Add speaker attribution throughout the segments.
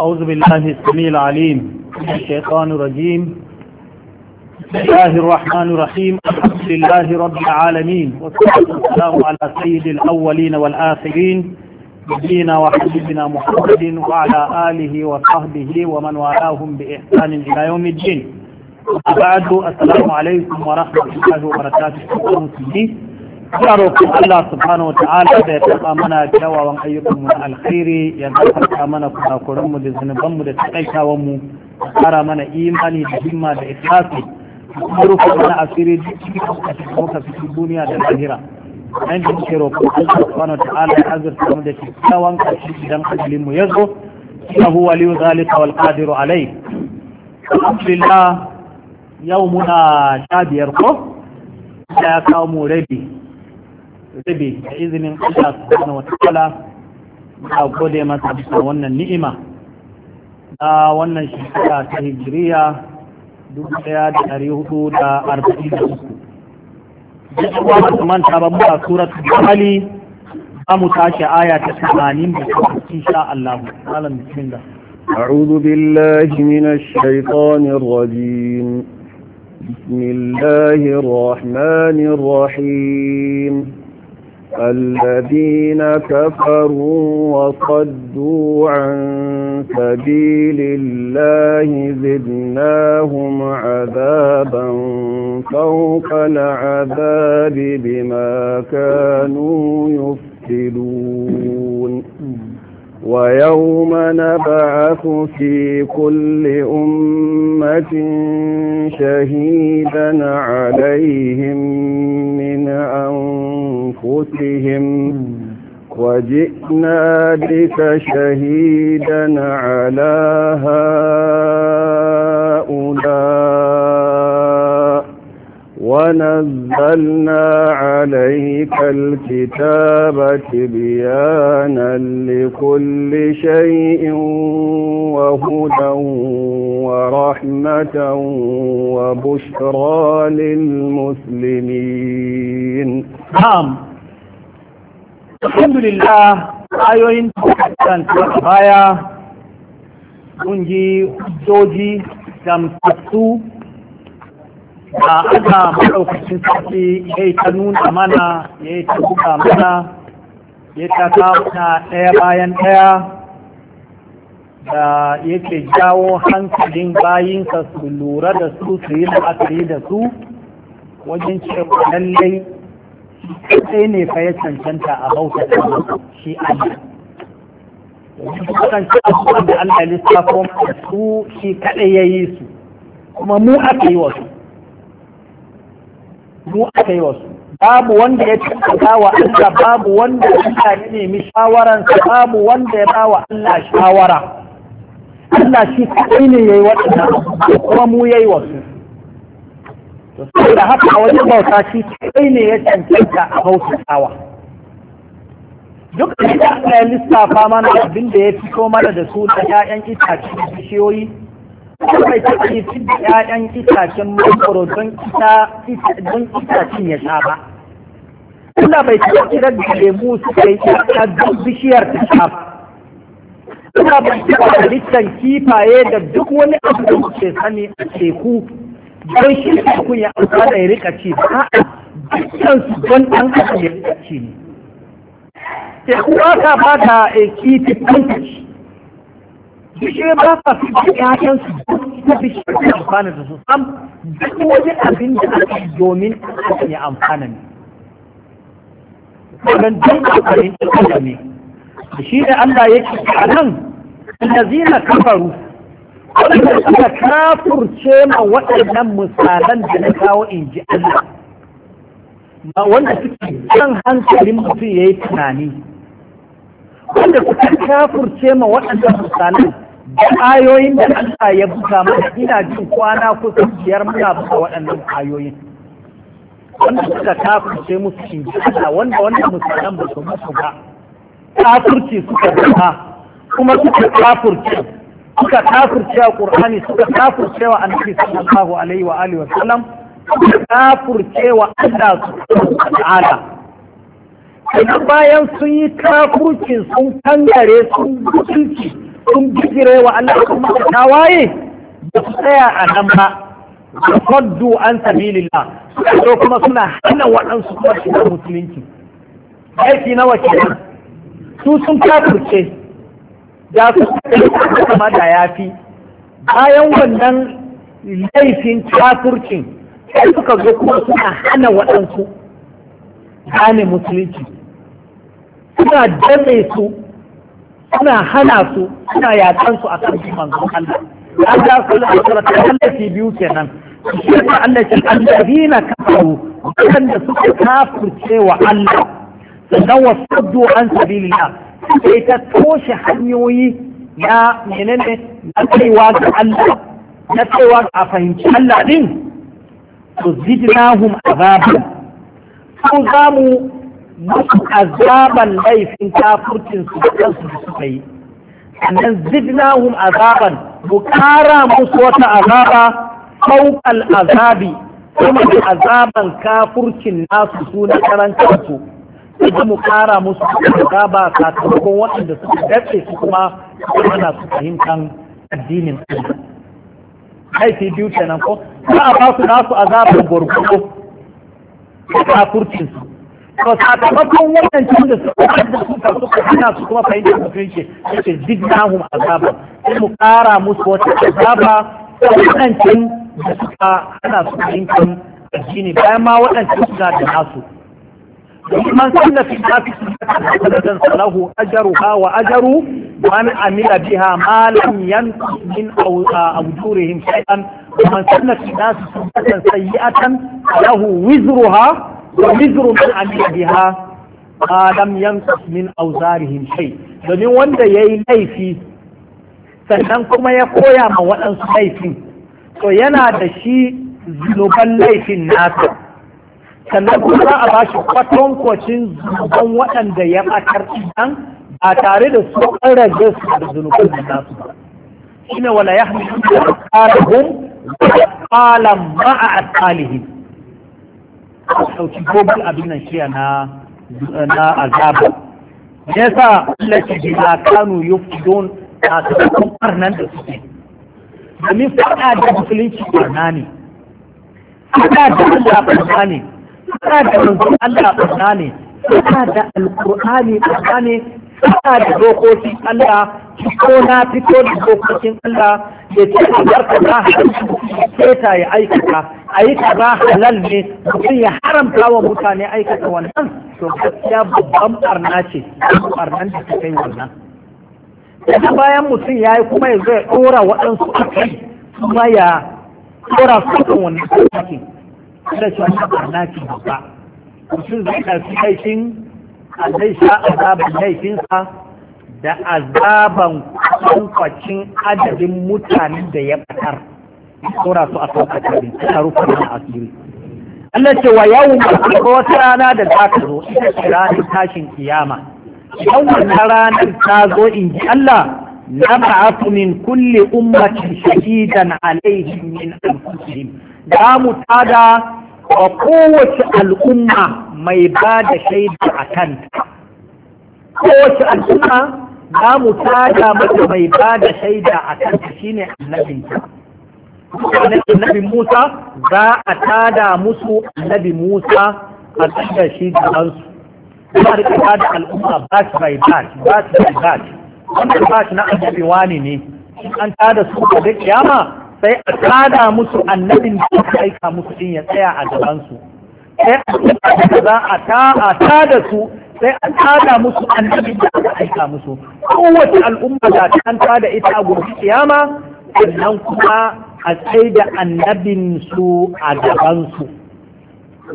Speaker 1: أعوذ بالله السميع العليم من الشيطان الرجيم بسم الله الرحمن الرحيم الحمد لله رب العالمين والصلاة والسلام على سيد الأولين والآخرين نبينا وحبيبنا محمد وعلى آله وصحبه ومن والاهم بإحسان إلى يوم الدين وبعد السلام عليكم ورحمة الله وبركاته Ina roƙon Allah subhanahu wa ta'ala da ya taɓa mana kyawawan ayyukanmu na alkhairi ya zafarta mana mu da zunubanmu da mu ya ƙara mana imani da himma da ikhlasi kuma rufe mana asiri da cikin muka cikin duniya da lahira. Nan da muke roƙon Allah subhanahu wa ta'ala ya azurta mu da kyakkyawan ƙarshe idan mu ya zo. إنه ولي alai, alhamdulillah yau muna لله يومنا ko ya kawo mu rabi. rabe da izinin Allah subhanahu wataala da gode masa bisa wannan ni'ima na wannan shekara ta hijiriya dubu ɗaya da ɗari hudu da arba'in da uku duk kuma masu manta ba muka suratu hali za mu tashi aya ta tamanin da ta insha Allah malam
Speaker 2: bismillah أعوذ بالله من الشيطان الرجيم بسم الله الرحمن الرحيم الذين كفروا وصدوا عن سبيل الله زدناهم عذابا فوق العذاب بما كانوا يفسدون ويوم نبعث في كل أمة شهيدا عليهم من أنفسهم وجئنا بك شهيدا على هؤلاء ونزلنا عليك الكتاب بيانا لكل شيء وهدى ورحمة وبشرى للمسلمين
Speaker 3: نعم
Speaker 1: الحمد لله أيوين kan baya mun ji hujjoji gamsassu A aka maɗaukacin sarki ya yi ta nuna mana ya yi ta buga mana ya ta kawuna ɗaya bayan ɗaya da yake jawo hankalin bayinsa su lura da su su yi la'akari da su wajen cewa lallai sai ne fa ya cancanta a bauta da shi Allah wajen abubuwan da Allah ya lissafo su shi kaɗai ya yi su kuma mu aka yi wasu mu aka yi wasu babu wanda ya taɓa wa Allah babu wanda Allah ya nemi shawararsa babu wanda ya bawa Allah shawara Allah shi kai ne ya yi kuma mu ya yi wasu saboda haka a wajen bauta shi kai ne ya cancanta a bautar tsawa duk da Allah ya lissafa mana abin da ya fito mana da su da 'ya'yan itace da bishiyoyi
Speaker 3: kuma ta ce fi da ƴaƴan
Speaker 1: itacen makaro don itacen ya sha ba Kuna bai taɓa da lemu suka yi a duk bishiyar ta sha ba Kuna bai taɓa halittar kifaye da duk wani abu da kuke sani a teku don shi tekun ya da ya rika ci ba a'a dukkan su don ɗan adam ya rika ci ne. Teku ba ta ba ta eh, kifi bishiyoyi ba ka fi da ƴaƴansu ta bishiyar da amfana da su sam duk wani abin da aka yi domin ake yi amfana ne. Wannan duk amfanin ɗaukar ne. Da Shi da Allah ya yake a nan, allazina kafaru waɗanda suka kafurce ma waɗannan misalan da na kawo in ji Allah ba wanda suke kan hankalin mutum ya yi tunani wanda suka kafurce ma waɗannan misalan da ayoyin da Allah ya buga mana ina jin kwana kusan biyar muna buga waɗannan ayoyin wanda suka kafirce musu shi Allah wanda wanda musulman ba su musu ba
Speaker 2: kafirce suka buga
Speaker 1: kuma suka kafirce suka kafirce wa Qur'ani suka kafirce wa Annabi sallallahu alaihi wa alihi wa sallam suka kafirce wa Allah subhanahu ta'ala idan bayan sun yi kafurcin sun kangare sun mutunci sun bijire wa Allah sun maka tawaye ba su tsaya a nan ba da faddu an sabilillah suka so kuma suna hana waɗansu kuma shiga musulunci aiki nawa nan? su sun kafirce da su kuma da yafi bayan wannan laifin kafircin sai suka zo kuma suna hana waɗansu gane musulunci suna dame su ana hana su ana yakan su a akan manzon Allah An Allah sallallahu alaihi wasallam Allah ke biyu kenan shi Allah ce allazina kafaru da suka kafirce wa Allah sannan wasaddu an sabilillah sai ta toshe hanyoyi na menene na kaiwa ga Allah na kaiwa a fahimci Allah din to zidnahum azaban ko za mu musu azaban laifin kafurcin su da kansu da suka yi sannan zidnahum azaban mu kara musu wata azaba fawqal azabi
Speaker 2: kuma da azaban
Speaker 1: kafurcin nasu su na karan kansu sai mu kara musu azaba sakamakon waɗanda suka dace su kuma na su fahimtan addinin Allah haifi biyu kenan ko za a ba su nasu azaban gurgudu kafurcin su فتحققوا أن تقولوا أن تقولوا أن تقولوا أن تقولوا أن تقولوا أن تقولوا أن تقولوا ومن كان في نفسه فلن له اجرها واجر من عمل بها ما لم ينقص من اجورهم شيئا ومن كان في نفسه سيئه فله وزرها wa mizru a amila biha adam yamsas min awzarihim shay domin wanda yayi laifi sannan kuma ya koya ma waɗansu laifin to yana da shi zunuban laifin nasa sannan kuma za a bashi kwatankwacin zunuban waɗanda ya ɓatar idan ba tare da su an rage su da zunuban da nasu ba shine wala yahmilu asqalahum wa qalam ma'a asqalihim a sauki gobal abin nan shiya na na azaba yasa lati bi jira kanu yufdun a cikin farnan da suke domin fada da musulunci barna ne fada da Allah barna ne fada da manzon Allah barna ne fada da alqur'ani barna ne fada da dokoki Allah ko na fito da dokokin Allah da ce a barka za keta ya aikata a yi ba halal ne mutum ya haramta wa mutane aikata wannan to gaskiya babban barna ce barnan da ta kai wannan daga bayan mutum ya yi kuma ya zai ɗora waɗansu a kai kuma ya ɗora su kan wannan sarki kada shi wannan barna ce babba mutum zai ƙarfi laifin a zai sha azaban laifinsa da azaban kwakwacin adadin mutanen da ya batar tsora su a kan kakarin ta rufe na asiri Allah ce wa yau ko wata rana da za ta zo ita ce ranar tashin kiyama idan wannan ranar ta zo in ji Allah na ba'atu min kulli ummatin shahidan alaihin min anfusihim da mu tada wa kowace al'umma mai ba da shaida a kanta kowace al'umma za mu tada mata mai ba da shaida a shi ne annabin annabi Musa za a tada musu annabi Musa a tsakar shi da ansu kuma da ta da al'umma batch by batch batch by batch wanda batch na annabi wani ne an tada su da kiyama sai a tada musu annabin da aka aika musu din ya tsaya a gabansu sai a tada su sai an tada musu annabi da aka aika musu kowace al'umma da ta an tada ita a gobe kiyama sannan kuma a tsaye da annabin su a gaban su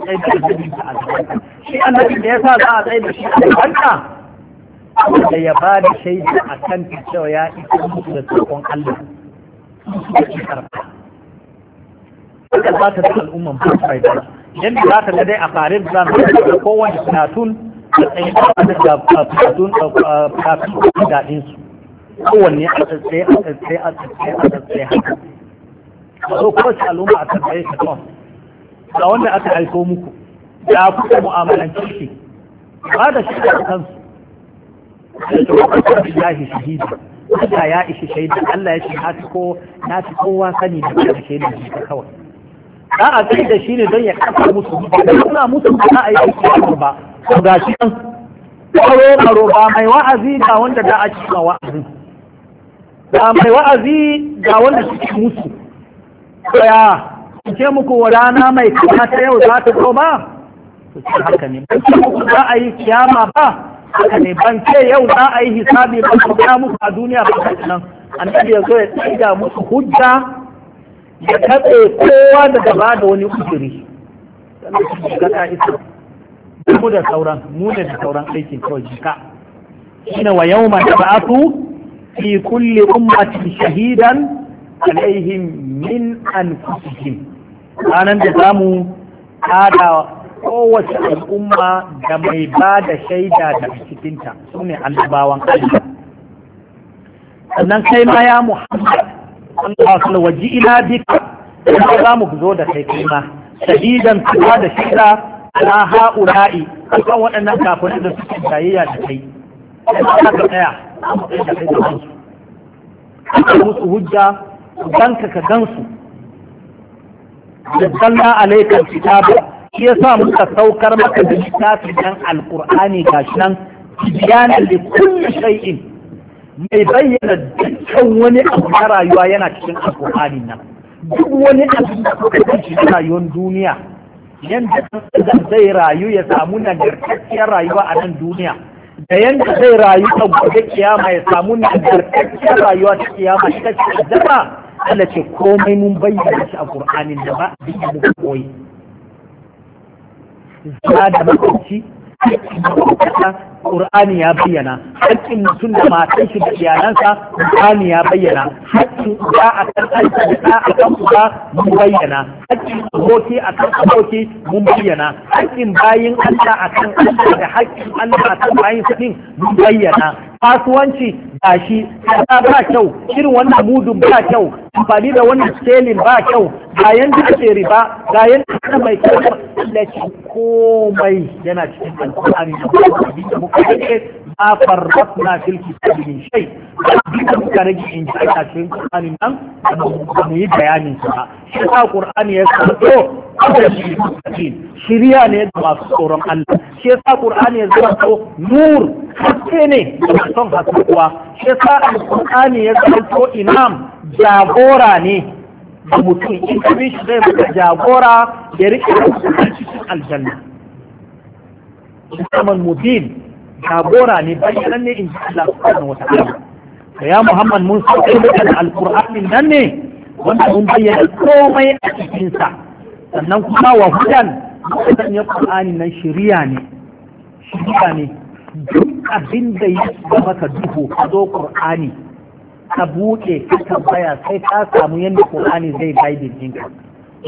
Speaker 3: sai da annabin su a gaban shi annabin da yasa za a tsaye
Speaker 1: da shi a gaban ka da ya ba da shaida a kan ta cewa ya isa musu da tsakon Allah su za ta da al'umman ba su faidara. Yadda za ta da dai a farin zan da kowane sinatun matsayin kowanne a a a a haka Kuma al'umma a tsaye kawai aka haifo muku da kuka mu'amalanci shi ba da shi da kansu da shahidi Allah ya ishi shaida Allah ya ce na fi kowa sani da shaida da kawai za a kai da shi ne don ya kafa musu da suna musu ba za a yi aiki ba to ga shi kan karo karo ba mai wa'azi ga wanda da a ma wa'azi ba mai wa'azi ga wanda suke musu ya ce muku rana mai kama ta yau za ta zo ba haka ne ban ce muku za a yi kiyama ba haka ne ban ce yau za a yi hisabi ba ko muku a duniya ba nan annabi ya zo ya tsaya musu hujja ya katse kowa daga ba da wani su gata isa mu da sauran mu da sauran aikin kawai jika shine wa ta tab'atu fi kulli ummatin shahidan alaihim min anfusihim Ranar da za mu kada kowace al'umma da mai ba da shaida da cikinta su ne annabawan Allah
Speaker 3: sannan kai ma ya Muhammad
Speaker 1: an waji ina bika kuma za mu zo da kai kuma shadidan kuma da shida ala ha'ula'i kan waɗannan kafin da suke jayayya da kai kuma ka tsaya da kai da kansu ka musu hujja dan ka gansu da dalla alaikar kitaba shi yasa muka saukar maka da littafin nan alqur'ani gashi nan tibyanan li kulli shay'in mai bayyana dukkan wani abu na rayuwa yana cikin alƙur'ani nan duk wani abu da kuka kanci cikin rayuwar duniya yanda dan zai rayu ya samu nagartacciyar rayuwa a nan duniya da yanda zai rayu a gobe kiyama ya samu nagartacciyar rayuwa ta kiyama ita ce zama Allah ce komai mun bayyana shi a Qur'anin da ba a duk mu koyi za da makwabci Qur'ani ya bayyana haƙƙin mutum da matan shi da iyalansa Qur'ani ya bayyana haƙƙin a akan aiki da a akan uba mun bayyana haƙƙin aboki akan aboki mun bayyana haƙƙin bayin Allah akan Allah da haƙƙin Allah a akan bayin sa mun bayyana kasuwanci ba shi ba ba kyau irin wannan mudun ba kyau amfani da wannan selin ba kyau ga da ake riba ga da mai kyau da komai yana cikin alƙur'ani da muka ce ma farrafna fil kitabi min shai. duk muka rage in ji aka cikin Qur'anin nan ba mu yi bayanin su ba shi sa Qur'ani ya santo da shi ne ga masu tsoron Allah shi sa ya zama to nur haske ne da son hakuwa shi sa alƙur'ani ya zanto imam jagora ne da mutum in ka shi zai maka jagora ya rike da cikin aljanna Muhammad Mubin jagora ne bayyanan ne in ji Allah subhanahu wa ta'ala da ya Muhammad mun sauke maka da alƙur'anin nan ne wanda mun bayyana komai a cikinsa sannan kuma wa hudan mutum ya ƙur'ani nan shiriya ne shiriya ne duk abin da ya zama ka duhu ka zo ƙur'ani ka buɗe ka tambaya sai ka samu yadda ƙur'ani zai gaidin ɗinka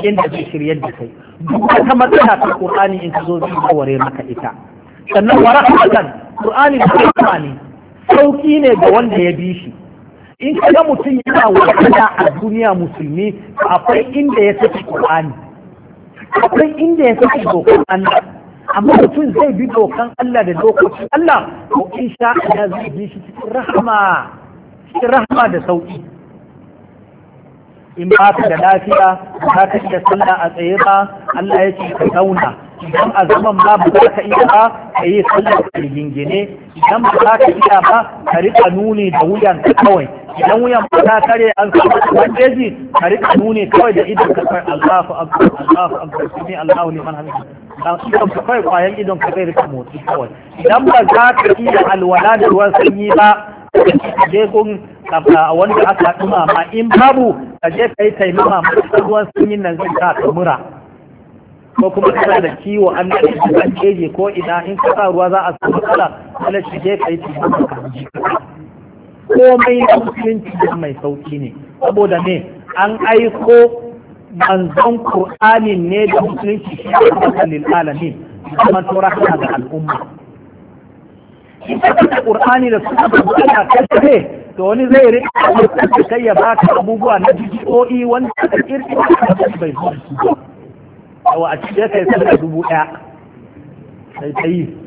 Speaker 1: yadda zai shirya da kai duk wata matsala ta ƙur'ani in ka zo zai kaware maka ita sannan wa rahmatan ƙur'ani da rahma ne sauki ne ga wanda ya bi shi in ka ga mutum yana wahala a duniya musulmi akwai inda ya saki ƙur'ani akwai inda ya saki dokar Allah amma mutum zai bi dokan Allah da lokaci. Allah ko in sha Allah zai bi shi cikin rahama cikin rahama da sauki in ba ka da lafiya ba ka iya sallah a tsaye ba Allah ya ce ka zauna idan a zaman ma ba za ka iya ba ka yi sallar rigingine idan ba za ka iya ba ka riƙa nuni da wuyan ka kawai idan wuyan ba ta kare an samu bandeji ka riƙa nuni kawai da idan ka kai Allahu akbar Allahu akbar sami Allahu liman hamida dan idan ka kai kwayan idon ka kai rika motsi kawai idan ba za ka iya alwala da ruwan sanyi ba je kun wanda aka dumama in babu ka je yi taimama ruwan sanyin nan zai ka mura ko kuma kana da kiwo an da shi an keje ko ina in ka sa ruwa za a samu kala kala shi je kai ci komai na musulunci da mai sauki ne saboda ne an aiko manzon qur'ani ne da musulunci shi ne lil alamin kuma to rahama ga al'umma in ka qur'ani da suka bada kace to wani zai rika kai ya baka abubuwa na jijiyoyi wanda ka kirkira bai zuwa yawa a cikin kai sallah dubu ɗaya sai ta yi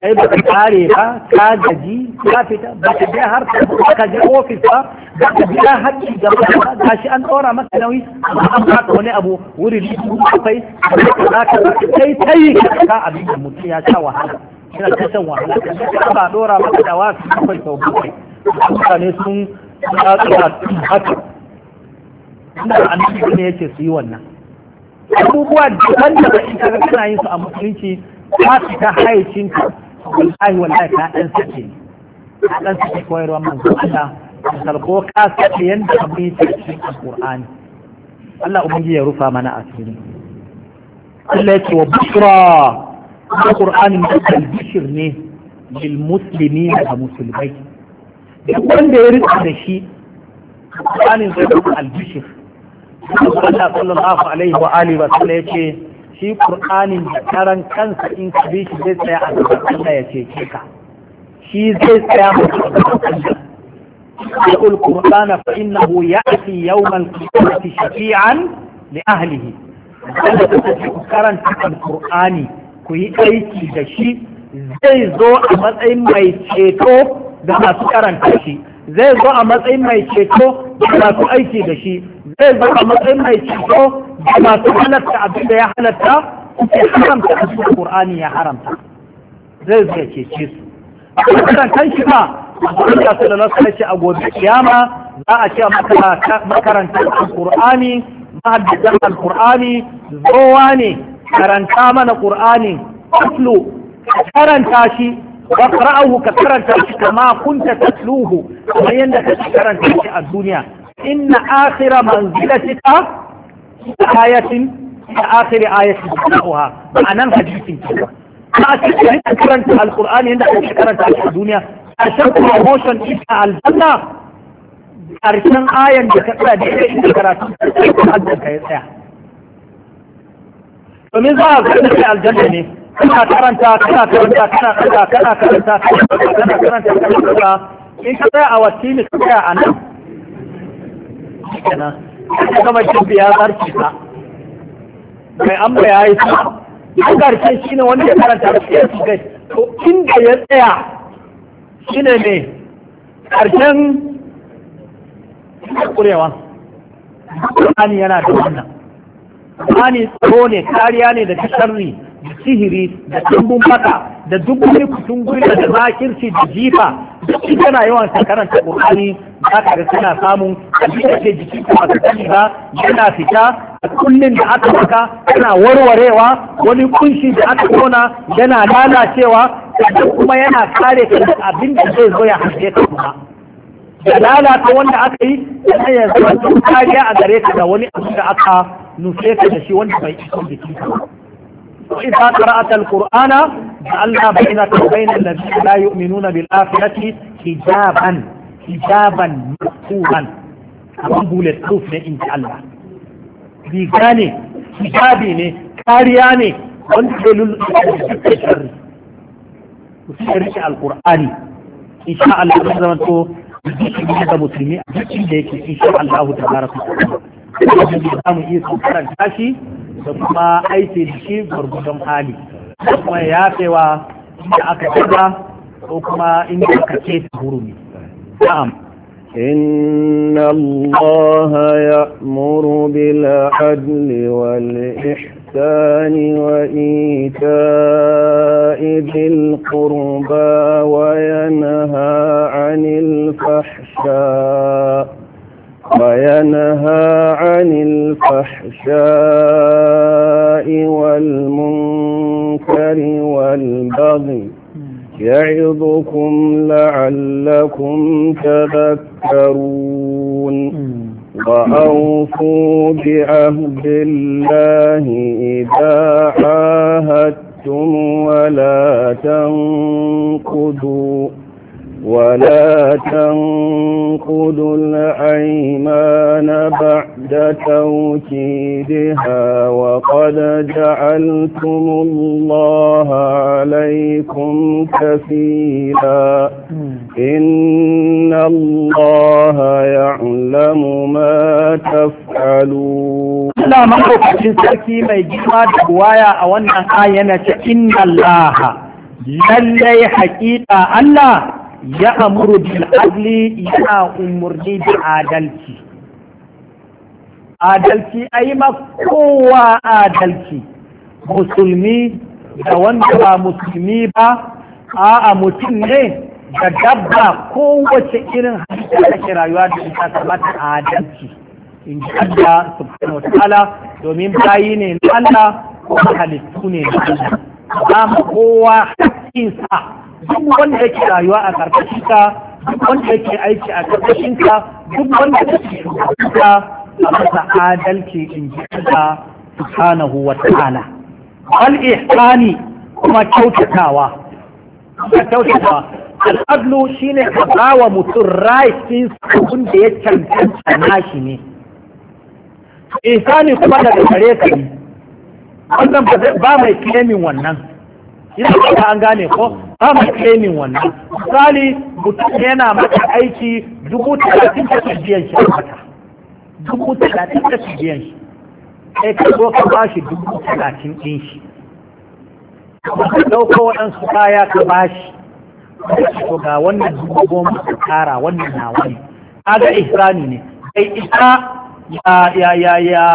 Speaker 1: Sai ba ka kare ba ka gaji ka fita ba ka je har ba ka je ofis ba ba ka biya haƙƙi ga ba ga shi an tsora maka nauyi amma an baka wani abu wurin dubu bakwai za ka kai ta yi ka abin da mutum ya sha wahala yana ta san wahala ka ba ɗora maka da wasu bakwai sau bakwai mutane sun tsatsa haka
Speaker 2: inda annabi ne
Speaker 1: yake su yi wannan abubuwa daban da ba in kaga kana yin su a musulunci ka fita haicin ka wallahi wallahi ka dan sake ka dan sake koyarwa manzo Allah sarko ka sake yanda abin yake cikin alqur'ani Allah ubangi ya rufa mana asiri Allah ce wa bushra alqur'ani mai bishir ne lil muslimin da musulmai duk wanda ya rika da shi alqur'ani zai zama albishir Allah sallallahu alaihi wa alihi wa sallam yace shi Qur'anin da karan kansa in ka shi zai tsaya a gaban Allah ya cece ka shi zai tsaya a gaban Allah يقول القرآن فإنه يأتي يوم القيامة شفيعا لأهله هذا تذكرن القرآن كي أيكي دشي zai zo a matsayin mai ceto da masu karanta shi zai zo a matsayin mai ceto da masu aiki da shi zai zama matsayin mai ciko ga masu halatta abin da ya halatta ya haramta abin da Qur'ani ya haramta zai zai cece su a kan kan shi ba Allah sallallahu alaihi a gobe kiyama za a ce makarantar Al-Qur'ani mahaddisan Al-Qur'ani zowa ne karanta mana Qur'ani atlu karanta shi waqra'ahu ka karanta shi kama kunta tatluhu kamar yadda ka karanta shi a duniya إن آخر منزلتك آية آخر آية تبدأها معنى حديث كذا أتكلم كرنت القرآن عند كرنت الدنيا أشرت promotion إلى الجنة karshen ayan da ka tsaya da ita da karatu da hajjar ka ya tsaya domin za a karanta kai aljanna ne kana karanta kana karanta kana karanta kana karanta kana karanta in ka tsaya a ka tsaya a nan kenan ta gama cin ya zarce ka mai an ya yi su. an garce shi ne wanda ya karanta da ya su gai to inda ya tsaya shi ne ne karshen kurewa Ƙur'ani yana da wannan. Ƙur'ani tsaro ne, kariya ne da sharri da sihiri da tambun baka da duk wani kutun gwiwa da zakirci da jifa duk kana yawan sa ta qur'ani za ka ga suna samun abinda ke jikin ka ba sani ba yana fita a kullun da aka maka yana warwarewa wani kunshi da aka kona yana lalacewa sannan kuma yana kare ka da abin da zai zo ya haske ka kuma
Speaker 2: da lalata
Speaker 1: wanda aka yi sannan ya zama kariya a gare ka da wani abin da aka nufe ka da shi wanda bai isa jikin ka ba وإذا قرأت القرآن جعلنا بينك وبين الذين لا يؤمنون بالآخرة حجابا حجابا مفتوحا قبول الخوف من الله ريجاني حجابيني كارياني وانتلوا الشر وشرك القرآن إن شاء الله عز وجل ذكر المسلمين ذكر إن شاء الله تبارك وتعالى da za mu iya karanta shi da kuma aiki da shi gwargwadon hali kuma ya fewa inda aka tsada ko kuma inda aka ce
Speaker 2: ta hurumi na'am إن الله يأمر بالعدل والإحسان وإيتاء ذي القربى وينهى عن الفحشاء وينهى عن الفحشاء والمنكر والبغي يعظكم لعلكم تذكرون وأوفوا بعهد الله إذا عاهدتم ولا تنقضوا ولا تنقضوا الأيمان بعد توكيدها وقد جعلتم الله عليكم كفيلا إن الله يعلم ما تفعلون لا مخوف سركي ما يجيب ما تقوايا أو أن آينة إن الله للي
Speaker 1: حقيقة الله ya amuru bil adli yana umurni da adalci adalci ai ma kowa adalci musulmi da wanda ba musulmi ba a'a mutum ne da dabba kowace irin halitta da ke rayuwa da ita kamata adalci
Speaker 3: in ji Allah
Speaker 1: subhanahu wataala domin bayi ne na Allah ko halittu ne na Allah ba kowa hakkinsa duk wanda yake rayuwa a karkashin ka duk wanda yake aiki a karkashin ka duk wanda yake ka a masa adalci in ji Allah
Speaker 3: subhanahu
Speaker 1: wa ta'ala wal ihsani kuma kyautatawa kuma kyautatawa al'adlu shine ka bawa mutum right din da ya cancanta nashi ne ihsani kuma daga gare ka ne wannan ba mai claiming wannan ina fata an gane ko ba mu training wannan misali mutum yana mata aiki dubu talatin da biyan shi mata dubu talatin da biyan shi sai ka zo ka ba shi dubu talatin ɗin shi ka ɗauko waɗansu kaya ka ba shi to ga wannan dubu goma ka tara wannan na wani kaga ihrami ne bai isa ya ya ya ya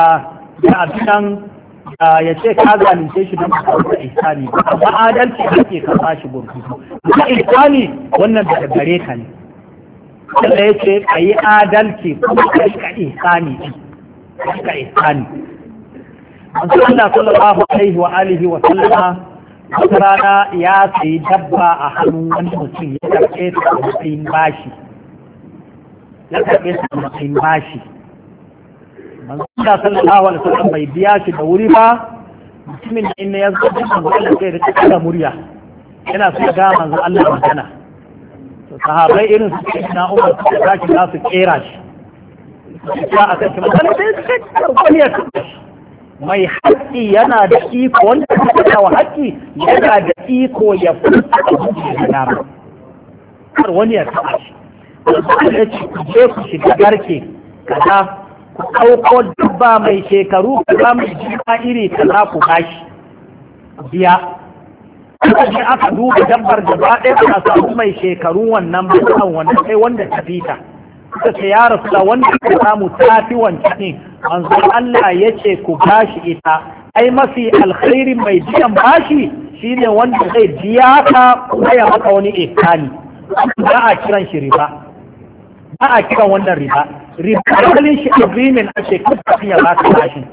Speaker 1: abinan ya ce ka zalunce shi don ka ihsani amma adalci ke ka shi gurgudu ba ihsani wannan da gare ka ne Allah ya ce ka adalci kuma ka rika ihsani ka rika ihsani Allah sallallahu alaihi wa alihi wa sallama wata rana ya sayi dabba a hannun wani mutum ya karɓe ta a matsayin ya karɓe a matsayin bashi manzo da sallallahu alaihi wasallam bai biya shi da wuri ba mutumin da inna ya zo da manzo Allah sai da kada murya yana so ga manzo Allah magana to sahabbai irin su na Umar su zaki za su kera shi ya aka ce magana sai su kada mai haƙƙi yana da iko wanda ya kada wa haƙƙi yana da iko ya furta abin da ya dama kar wani ya taɓa shi ya ce ku je ku shiga garke kaza ku ɗauko dabba mai shekaru kaza mai jima iri kaza ku bashi biya kuma shi aka duba dabbar da ba ɗaya ba samu mai shekaru wannan ba wanda sai wanda ta fita suka ce ya rasu da wanda ta samu ta fi wancan ne manzo Allah ya ce ku bashi ita ai mafi alkhairin mai biyan bashi shine wanda zai biya ka kuma ya maka wani ikani ba a kiran shi riba ba a kiran wannan riba rikalin shi agreement a shekaru ta ya ba ta bashi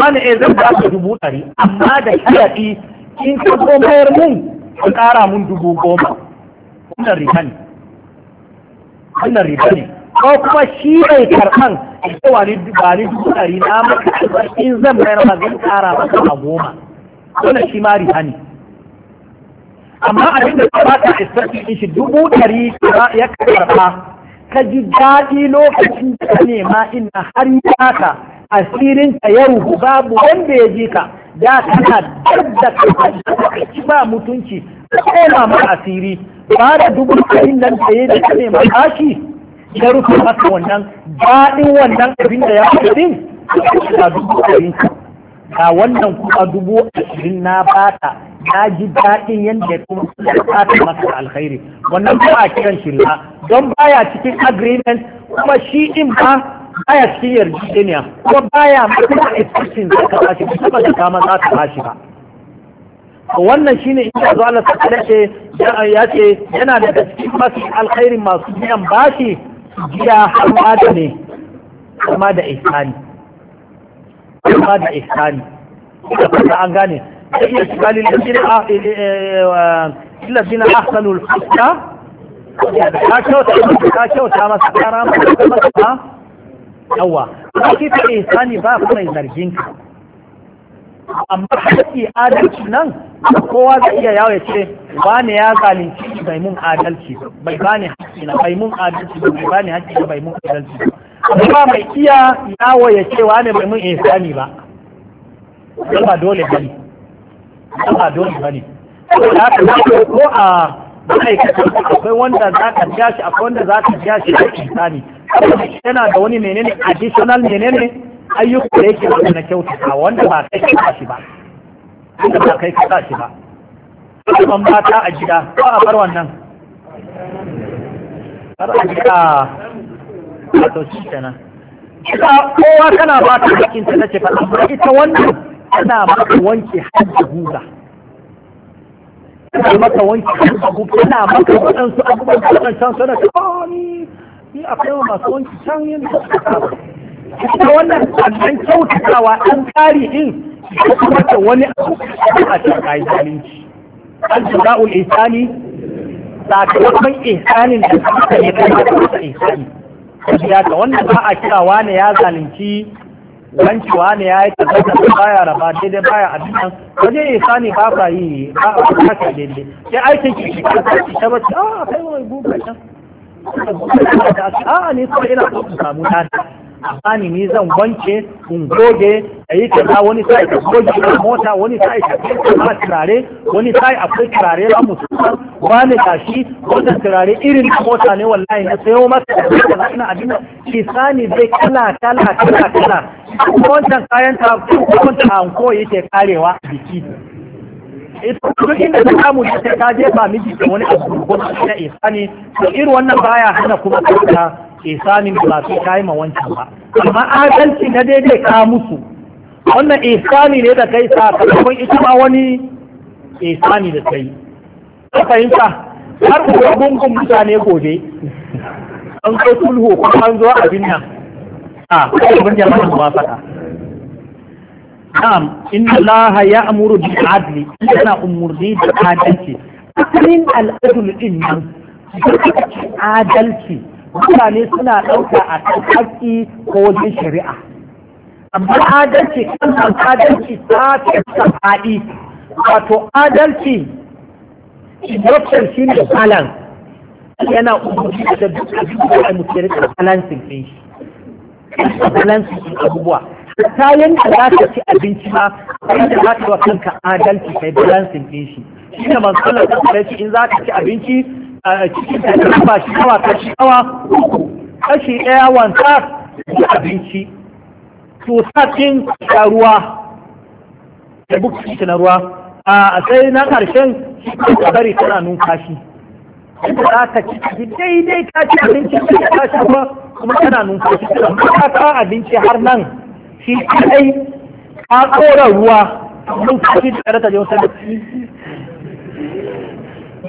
Speaker 1: na eh zan ba dubu ɗari amma da shaɗi in ka zo mun ka ƙara mun dubu goma wannan riba ne wannan riba ne ko kuma shi mai karɓan ko wani ba ni dubu ɗari na maka in zan mayar ma zan ƙara maka a goma wannan shi ma riba ne amma abin da ba ta isa shi dubu ɗari ya karɓa ka ji daɗi lokacin ka nema ina har yaka asirin ka yau babu wanda ya ji ka da kana dadda ka ci ba mutunci ka koma ma asiri ba da dubu ɗari nan da ya ji ka nema kashi ya rufe maka wannan daɗin wannan abin da ya fi din ka dubu ɗari ka ga wannan kuma dubu ashirin na bata na ji daɗin yadda kuma suna bata maka alkhairi wannan ba a kiran shi don baya cikin agreement kuma shi in ba baya cikin yarjejeniya kuma baya maka exception za ka bashi ba taba da kama za ka bashi ba wannan shine in yanzu Allah ta ce ya ce yana daga cikin masu alkhairi masu biyan bashi jiya har ma da ne kuma da ihsani ba da ihsani da an gane da iya shigali lafina ahsanul husna ka kyauta ka kyauta masa kara masa yawa ka kita ihsani ba kuma zargin ka amma haƙƙi adalci nan kowa zai iya yawo ya ce wani ya zalunci bai mun adalci bai bani haƙƙi na bai mun adalci bai bani haƙƙi na bai mun adalci amma mai iya yawo ya ce wani bai mun ihsani ba Don ba dole ne? Don ba dole ba bane saboda haka ko a ma'aikatan akwai wanda za ka biya shi akwai wanda za ka biya shi da ihsani yana da wani menene additional menene ayyuka da yake da na kyauta kyautata wanda ba kai ka shi ba wanda ba kai ka shi ba kaman mata a gida ko a
Speaker 3: bar wannan har a gida a to kenan ita kowa kana ba ta hakin ta nace faɗa amma ita wannan
Speaker 1: tana maka wanke hajji guga tana maka wanke hajji guga tana maka waɗansu abubuwan da waɗancan suna ta ni ni akwai masu wanke can yin da suka kuma wannan an kyautatawa an tsari din kuma wani abu a cikin kayan zalunci an tura ul ihsani sakamakon ihsanin da suka ne kai da kuma ihsani ya ga wannan ba a kira wani ya zalunci wanci wani ya yi tabbata da ya raba daidai ba ya nan wajen ihsani ba ba yi ba a kuma ka daidai sai aikin ki shi ka ta ba
Speaker 3: ta a ah, kai wani gugu a can a ne kuma ina so in
Speaker 1: samu nata a bani ni zan wanke in goge a yi kaza wani sai ka goge a mota wani sai ka kuma turare wani sai akwai turare na musamman wani gashi wannan turare irin na mota ne wallahi na sayo masa da kuma na ina abin kisani zai kala kala kala kala wancan kayan ta wancan hanko yake karewa a jiki duk inda ta samu ta ta ba miji da wani abu ko ta isa ne to irin wannan baya hana kuma ta ihsanin da ba su yi ma wancan ba amma adalci na daidai ka musu wannan isani ne da kai sakamakon ita ma wani isani da kai ka fahimta har ku ga gungun mutane gobe an kai sulhu ko an zo abin nan a kai mun jama'a ba faɗa Na'am, inna laha ya amuru bi adli, yana umurni da adalci. Asalin al'adul din nan, adalci mutane suna ɗauka a kan haƙƙi ko wajen shari'a amma adalci kan adalci ta fesa faɗi wato adalci induction shi ne balance yana umarci da duk abubuwa a da rika balancing ɗin shi balancing ɗin abubuwa ta yanda za ka ci abinci ma yadda za ka wa kanka adalci kai balancing ɗin shi shi ne manzo Allah ta in za ka ci abinci a cikin da ba shi kawa kashi kawa kashi ɗaya wanta da abinci to satin da ruwa da bukci na ruwa a sai na karshen shi ka bari tana numfashi inda za ka ci daidai ka ci abinci da ka sha ruwa kuma tana numfashi amma ka ka abinci har nan shi kai ka tsoron ruwa numfashi da ka rata jin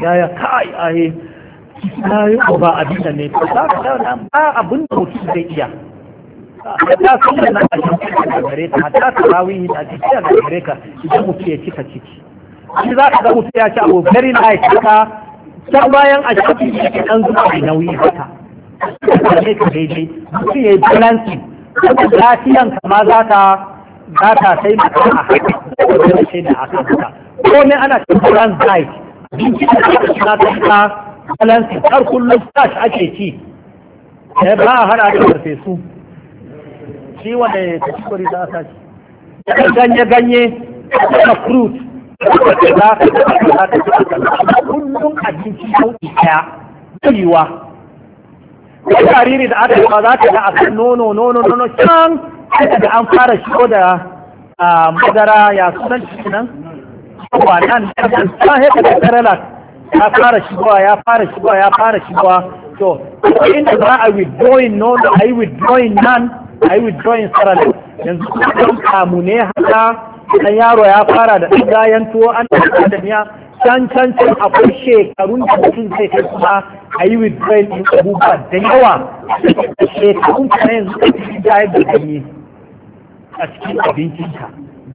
Speaker 3: gaya kai ahe na yi ba abin da ne to za ba
Speaker 1: abin da mutum zai iya
Speaker 3: ta a cikin gare
Speaker 1: ta ta cikin gare ka idan mutum cika ciki shi za ka ga mutum ya ci abu very nice haka can bayan a cikin shi dan zuba mai nauyi haka ne ka daidai mutum ya yi balancing lafiyan ka ma za ta za ta sai maka a haka ko ne ana cikin balanced abinci da aka shiga ta ta
Speaker 2: balansi har
Speaker 1: kullum stash ake ci sai ba a hada da farfesu shi wanda ya tafi kuri za a sashi da ganye ganye da fruit za ka za ka za kullum a sauki daya yiwa
Speaker 2: wani jariri da aka yawa
Speaker 1: za ta yi a kan nono nono nono can sai da an fara shigo da madara ya sunan shi nan shigowa nan ɗan ta haifar da parallel ya fara shigowa ya fara shigowa ya fara shigowa to inda za a withdrawing no a yi withdrawing nan a yi withdrawing sarali yanzu don kamu ne haka ɗan yaro ya fara da ɗan gayan tuwo an da niya can can can akwai shekarun da mutum zai kai kuma a yi withdrawing ɗin abubuwa da yawa shekarun kuma yanzu da cikin jayar da ganye a cikin abincinka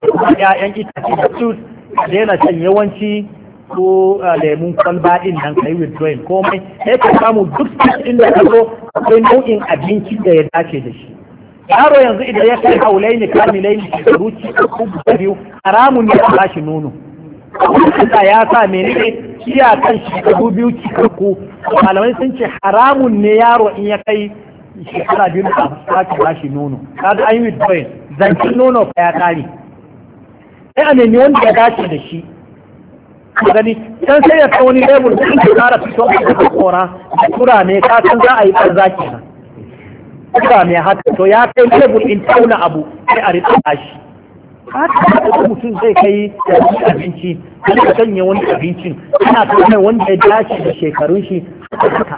Speaker 1: da 'ya'yan itace da fruits ka daina shan yawanci ko ah, lemun kwalba din nan kai withdrawing komai sai ka samu duk cikin da kazo akwai nau'in abinci da ya dace da shi
Speaker 3: yaro yanzu idan ya kai haulai ne
Speaker 1: kamilai ne shekaru ci ko biyu haramun ne a bashi nono Allah ya sa menene kiya kan shekaru biyu cikakku malamai sun ce haramun ne yaro in ya kai shekara biyu da a bashi nono kaga an yi withdrawing zancen nono ka ya kare sai a nemi wanda ya dace da shi ka gani can sai ya wani lebur da ake kara fito a cikin kora da tura ne ka za a yi karza kenan tura ne haka to ya kai lebur in tauna abu sai a rika shi
Speaker 3: haka da
Speaker 1: mutum zai kai da abinci ana sanya wani abincin ana kai wanda ya dace da shekarun shi haka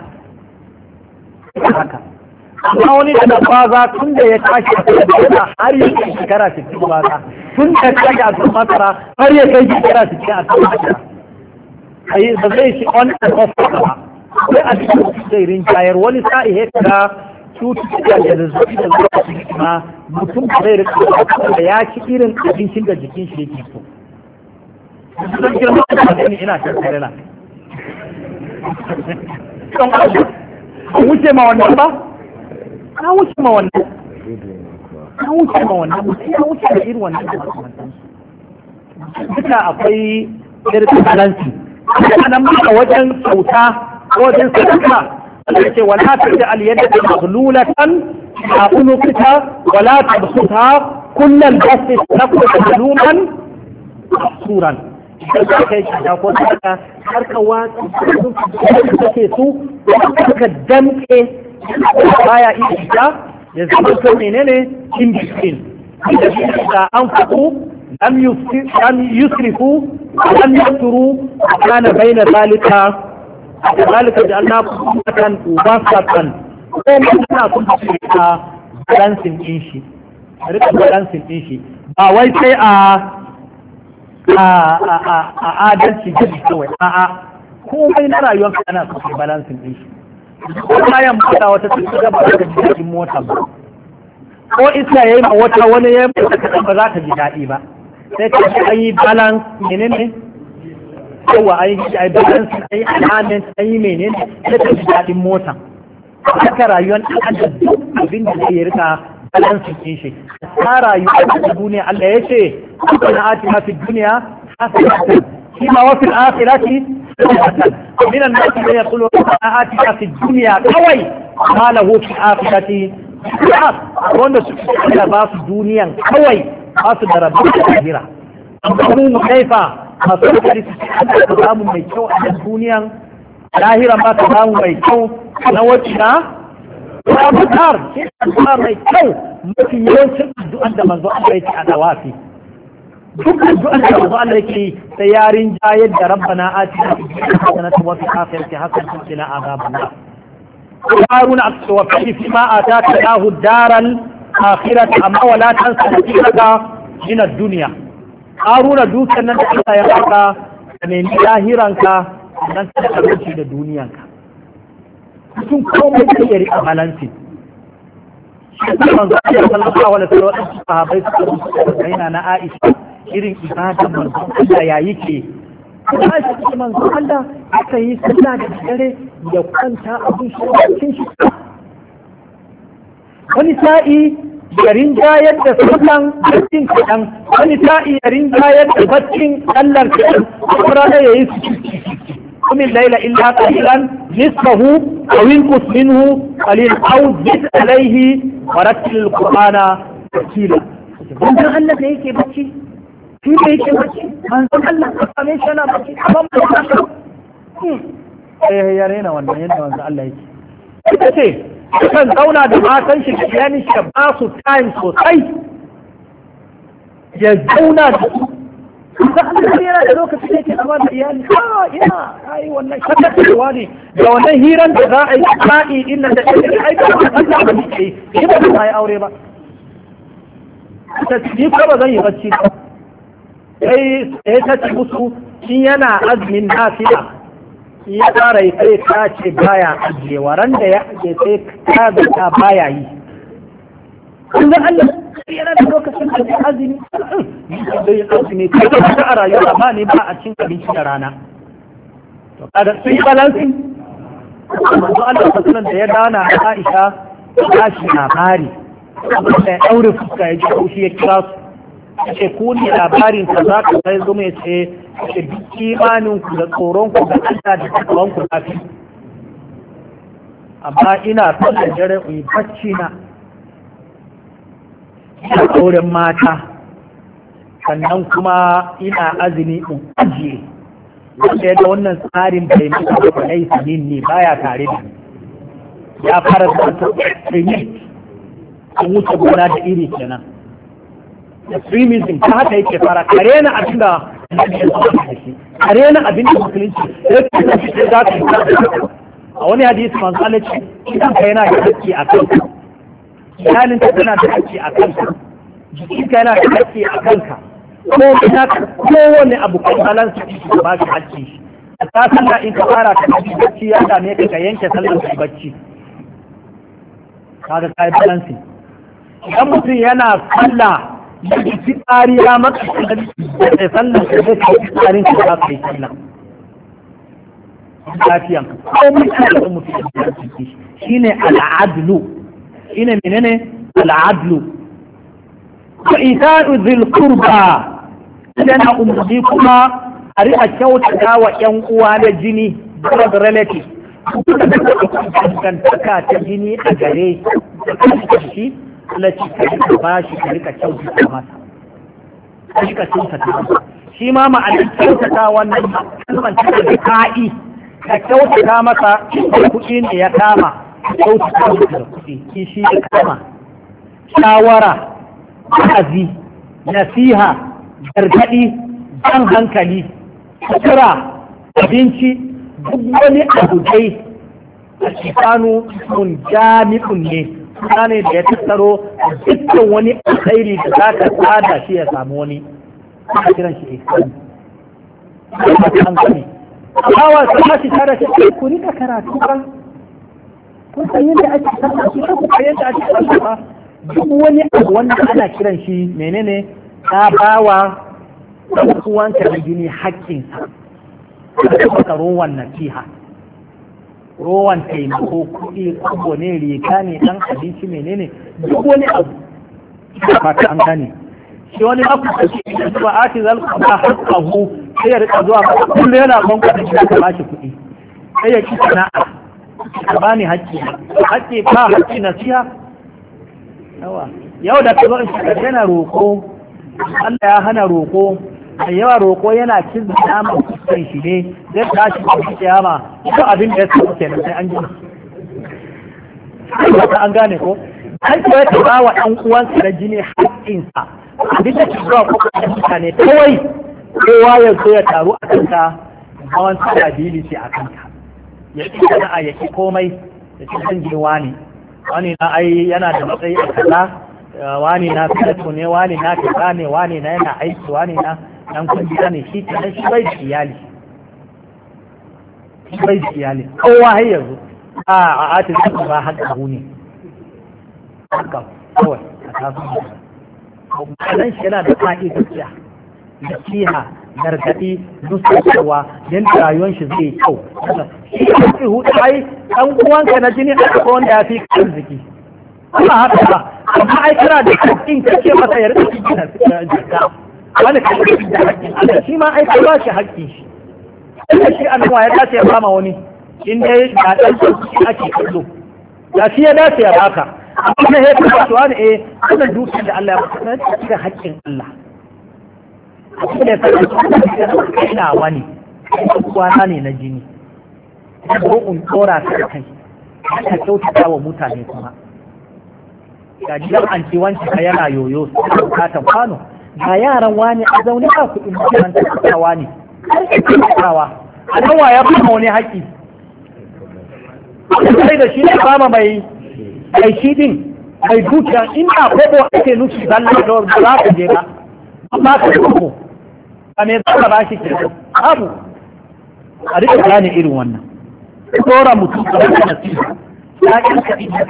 Speaker 1: amma wani da dabba za tun da ya tashi a cikin har ya kai shekara cikin mata tun da ya tashi a cikin masara har ya kai shekara cikin a cikin masara ai ba zai shi on and off ba sai a cikin zai rinjayar wani sa'i ya kira cututtuka da zazzabi da zuwa yi ma mutum da zai rika da ya ci irin abincin da jikin shi yake so. Zan girma da ina tattare na. Kan wuce ma wannan ba? ka wuce ma wannan ka wuce ma wannan mutum wuce da irin wannan duka akwai irin balansi nan maka wajen sauta ko wajen sadaka Allah ce wala taj'al yadaka maghlulatan ta unukita wala tabsutha kullal basti takuta maluman suran idan kai shi da ko sadaka har ka watsa su kake su ka damke baya iya shiga ya zama to menene in between da shi da an fuku lam yusrifu lam yusru kana baina zalika zalika da Allah kan satan ko mun na kun ta balancing din shi rika balancing din shi ba wai sai a a adalci gidi kawai komai na rayuwar kana kafin balansin din shi ko kayan mota wata sun shiga ba ka ji mota ba
Speaker 3: ko iska ya yi ma wata wani
Speaker 1: ya yi mota kaɗan ba za ji daɗi ba sai ka ji ayi balance menene yawa an ai balance ayi yi alignment an yi menene sai ji daɗin mota haka rayuwar ta da duk abin da zai rika balansu ɗin shi ta rayuwa ta duniya Allah ya ce na ati fi duniya shi ma wa fil akhirati من الناس من يقول ربنا آتنا في الدنيا قوي ما له في الآخرة wanda su da ba su duniyan kawai ba su da rabu da lahira amma mu mu kaifa masu kari su da samu mai kyau a nan duniyan lahira ba ta samu mai kyau na wacce na rabu tar mai kyau mafi yawancin addu'an da a dawafi duk addu'ar da manzo Allah yake sai yarin jayar da rabbana atina fid dunya hasanatan wa fil akhirati hasanatan wa qina adhaban nar
Speaker 3: وهارون
Speaker 1: وفيه فيما آتاك الله الدار الآخرة أما ولا تنسى نصيبك من الدنيا هارون دوكا ننسى يراك من لاهرانك ننسى تبكي لدنياك sun komai da yari a balansi
Speaker 3: shi ne manzo Allah sallallahu
Speaker 1: alaihi wasallam sahabbai suka rubuta na Aisha irin ibadan manzon Allah ya yi ke ba shi ce manzon Allah aka yi sallah da dare ya kwanta abin shi cikin shi wani sa'i ya rinjayar da sallan baccin kaɗan wani sa'i ya rinjayar da baccin sallar kaɗan kuma ya yi su laila illa qalilan nisfahu aw inqus minhu qalil aw zid Alayhi, wa ورتل qur'ana ترتيلا.
Speaker 3: Wannan Allah ne yake bacci shi ne yake bacci manzon Allah ka same shi yana bacci amma ba ya ka hmm.
Speaker 1: eh ya rena wannan yadda manzon Allah yake ita ce kan zauna da matan shi kiyanin shi ba su time sosai ya zauna da su
Speaker 3: da yana da lokacin yake zama da iyali ha ina ai wannan shakkatarwa
Speaker 1: ne da wannan hiran da za a yi sa'i din nan da take aika da Allah ba ne shi ba za a yi aure ba ta ci ba zan yi bacci ba sai sai ta ci musu shi yana azumin nafila ya tsara yi sai ta ce baya ajiyewa ran da ya ajiye sai ta zata baya yi
Speaker 3: kun ga Allah yana da lokacin da azumi dai hmm, azumi
Speaker 1: kai da a rayuwa ba ne ba a cin abinci da rana to kada sai balansi manzo Allah sallallahu da ya dana Aisha ta shi Bari. A da ya daure fuska ya ji haushi ya kira su ce ku ne labarin ka za ka sai zuma ya ce ce duk imanin ku da tsoron ku da Allah da tsoron ku lafi amma ina son da dare in bacci na ina tsoron mata sannan kuma ina azumi in ajiye wanda da wannan tsarin bai mutu da kwanai sanin ne baya tare da ya fara da ta tsaye an wuce gona da iri kenan extremism ta haka yake fara kare na abin da kare na abin da musulunci za yi a wani hadisi manzo Allah ce idan ka yana da haƙƙi a kanka
Speaker 2: iyalin ka tana da haƙƙi
Speaker 1: a kanka jikin ka yana da haƙƙi a kanka ko ina kowane abu ko balan su ki ba shi haƙƙi a kasan da in ka fara ka hakki bacci ya da ka ka yanke sallar ka bacci kaga kai balance idan mutum yana sallah yadda fitsari ya maka da sannan da zai kai fitsarin ka za ka yi sallan lafiyan
Speaker 3: ko mun kana da mutum da
Speaker 1: shine al'adlu shine menene al'adlu wa ita'u dhil qurba yana umarni kuma a riƙa kyautata wa yan uwa na jini blood relative kuma da kuma ta jini a gare shi Allah ce ka rika ba shi ka rika kyautata masa ka rika kyautata masa shi ma ma'anar kyautata wannan kalmar cikin da ka'i ka kyautata masa kuɗi ne ya kama
Speaker 3: kyautata masa
Speaker 1: da kuɗi ki shi ya kama shawara wa'azi nasiha gargaɗi jan hankali sutura abinci duk wani abu dai a mun jami'un ne suna ne da ya tattaro dukkan wani alkhairi da za ka tsada shi ya samu wani a kiran shi ikon ne a wasu sai shi tare shi ku rika karatu ba kun san yadda ake sallah shi ku san yadda ake sallah ba duk wani abu wanda ana kiran shi menene ta bawa kuwanka da gini haƙƙinsa ka wannan fiha? rowan taimako kuɗi kwabo ne riga ne ɗan abinci menene duk wani abu fata an gane shi wani mafi shi ba a ce zalku ba har abu sai ya rika zuwa kullum yana banka da shi ka bashi kuɗi sai ya ci sana'a ka bani haƙƙi haƙƙi ba haƙƙi nasiha yawa yau da ka zo in shi yana roƙo Allah ya hana roƙo a yawa roƙo yana cin nama kusan shi ne zai tashi a kiyama ko abin da ya samu kenan sai an ji ta an gane ko an ce ta ba wa ɗan uwansa na jini haƙƙinsa abin da ke zuwa kuma da mutane kawai kowa ya zo ya taru a kanta hawan sabili ce a kanta ya ci sana'a ya ci komai ya ci san jini wani wani na ai yana da matsayi a kaza eh, wani na fitattu ne wani na kaza ne wani na yana aiki wani na dan kwangila ne shi kaɗai shi bai da iyali shi bai da iyali kowa har yanzu a a ati zaka ba haka hu ne haka kawai a tafi kaɗan shi yana da fa'i da nasiha gargaɗi nusarwa yadda rayuwar shi zai kyau shi ya fi hudu ai ɗan uwanka na jini a ko wanda ya fi arziki
Speaker 3: ana haka ba
Speaker 1: amma ai kana da hakkin kake masa yarda cikin jika wani kalli da haƙƙin Allah shi ma ai ka ba shi haƙƙi shi Allah shi annawa ya dace ya bama wani in dai ba dan shi ake kallo da shi ya dace ya baka amma ne ya fara to wani eh wannan dukiyar da Allah ya baka da haƙƙin Allah shi da sai ka ina wani kwana ne na jini ko in tsora ta kai ka kyautata wa mutane kuma ga an ce wancan yana yoyo sai ka ta kwano ba yaran wani a zaune ba kuɗin makaranta ta wani
Speaker 3: har
Speaker 1: kawa a nan waya ba ma wani haƙƙi kai da shi ne fama mai mai shi din mai dukiya inda kobo ake nufi zalla da za ka je ba amma ka yi kobo a me za ba shi ke abu a rika gane irin wannan tsora mutum a wani nasiha ya ƙarƙa inda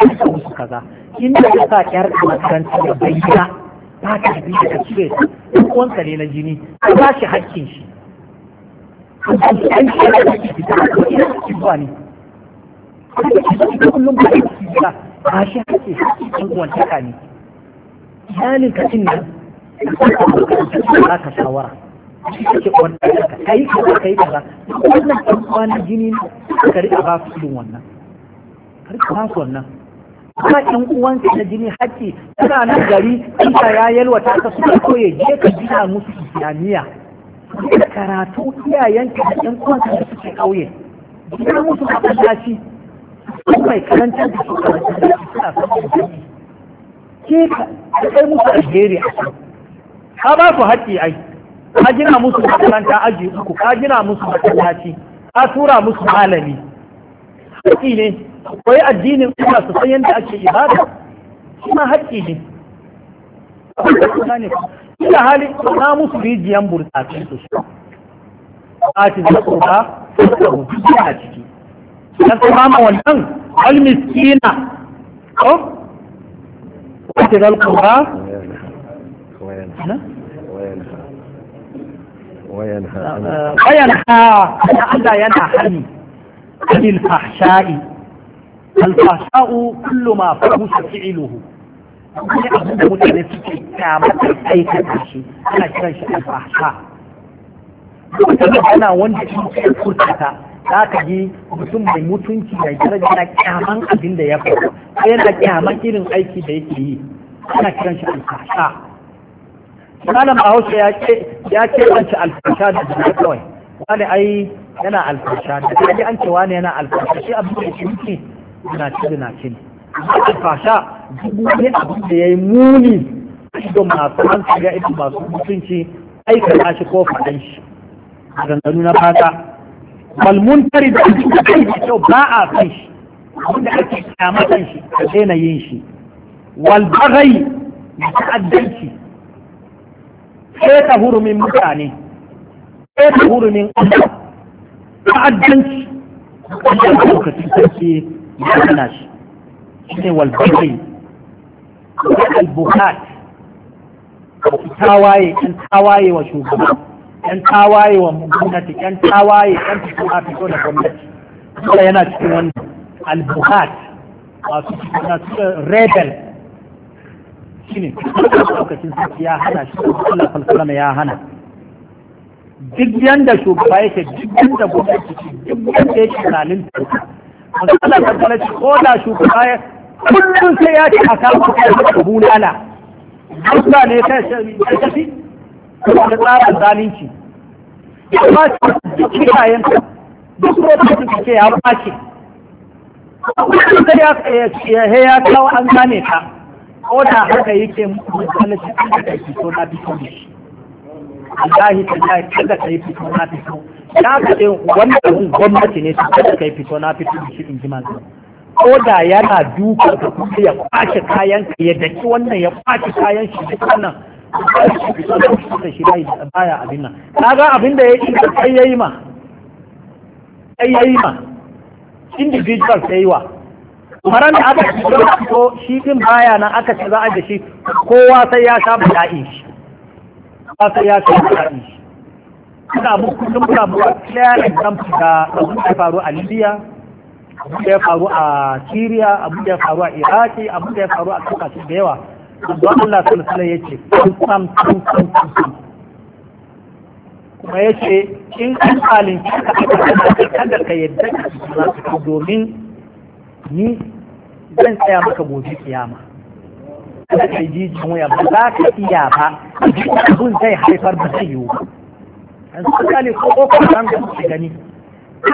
Speaker 1: ka kaza inda ka sa ƙyar a makaranta da bayyana ba ta bi da kasuwe uwanka ne na jini ka ba shi hakkin shi da ko shi
Speaker 3: ba kullum ba shi hakkin shi hakki an ne iyalin ka din nan ba ka shawara
Speaker 1: kake ka kai ka kai ka wannan jini ka rika ba su wannan ka rika wannan Kuma ɗan uwansa na jini haƙƙi tana nan gari inda ya yalwata ka suka so je ka gina musu islamiyya da karatu iyayenka da ɗan uwanka da suke ƙauye gina musu masallaci sun mai karantar da su karantar da su suna samun jini ke ka kai musu alheri a can ka ba su haƙƙi ai ka gina musu makaranta aji uku ka gina musu masallaci ka tura musu malami haƙƙi ne koyi addinin Allah su san yadda ake ibada shi ma haƙƙi ne ina hali na musu rijiyan burtsatsin su shi a ti da kurba da a ciki na sama ma wannan almiskina ko a
Speaker 3: ti da kurba wayanha
Speaker 1: Allah yana hani
Speaker 3: anil fahsha'i
Speaker 1: alfasha'u kullu ma fahusha fi'iluhu wani abu da mutane suke kyamatar aikata ana kiran shi alfasha mutane ana wanda shi ke kurtata za ka ji mutum mai mutunci da daraja kyaman abin ya faru ko yana kyaman irin aiki da yake yi ana kiran shi alfasha malam bahaushe ya ce ya alfasha da zuwa wani ai yana alfasha da kaji an wani yana alfasha abin da zinace zinace ne a fasha duk wani abin da ya yi muni ga masu hankali ya ita masu mutunci shi ko faɗan shi a ganganu na fata balmun tari da ake da kai ba a san shi abinda ka daina yin shi ta'addanci keta hurumin mutane keta hurumin Allah ta'addanci wanda lokaci ya hana shi shine wal baghi al tawaye kan tawaye wa shugaba kan tawaye wa gwamnati kan tawaye kan fito a fito da gwamnati dole yana cikin wannan al bukat masu suna rebel shine lokacin sarki ya hana shi Allah falsalama ya hana duk yanda shugaba yake duk yanda gwamnati duk yanda yake zalunta Allah ta kala ci ko da shugaba ya kullum sai ya ce a kawo kai da bulala Allah ne ta tafi da tsarin zalunci ya ba shi duk kayan duk rokokin da ke ya ba shi kullum sai ya ya kawo an gane ka ko da haka yake mutum da da ke so na da Allah ta kai kada ka yi da na Na kaɗe wannan abin gwamnati ne su kada kai fito na fito da shi in ji manzo ko da yana duka da kuma ya kwashe kayan ka ya daki wannan ya kwashe kayan shi duk wannan da shi baya abin nan Na kaga abin da ya yi sai yi ma sai yi ma individual sai wa maran da aka fito shi din baya nan aka ce za a da shi kowa sai ya sha bala'in shi kowa sai ya sha bala'in shi kada mu kullum muna buwa clear example da abin da ya faru a Libya abin da ya faru a Syria abin da ya faru a Iraq abin da ya faru a kasashe da yawa don Allah sallallahu alaihi yace sam sam sun sun kuma yace in an halinci ka kada ka yadda ka su domin ni zan tsaya maka gobe kiyama kada ka yi jijin waya ba za ka iya ba abin zai haifar da zai yiwu ba
Speaker 3: yanzu misali ko kofar da
Speaker 1: muke gani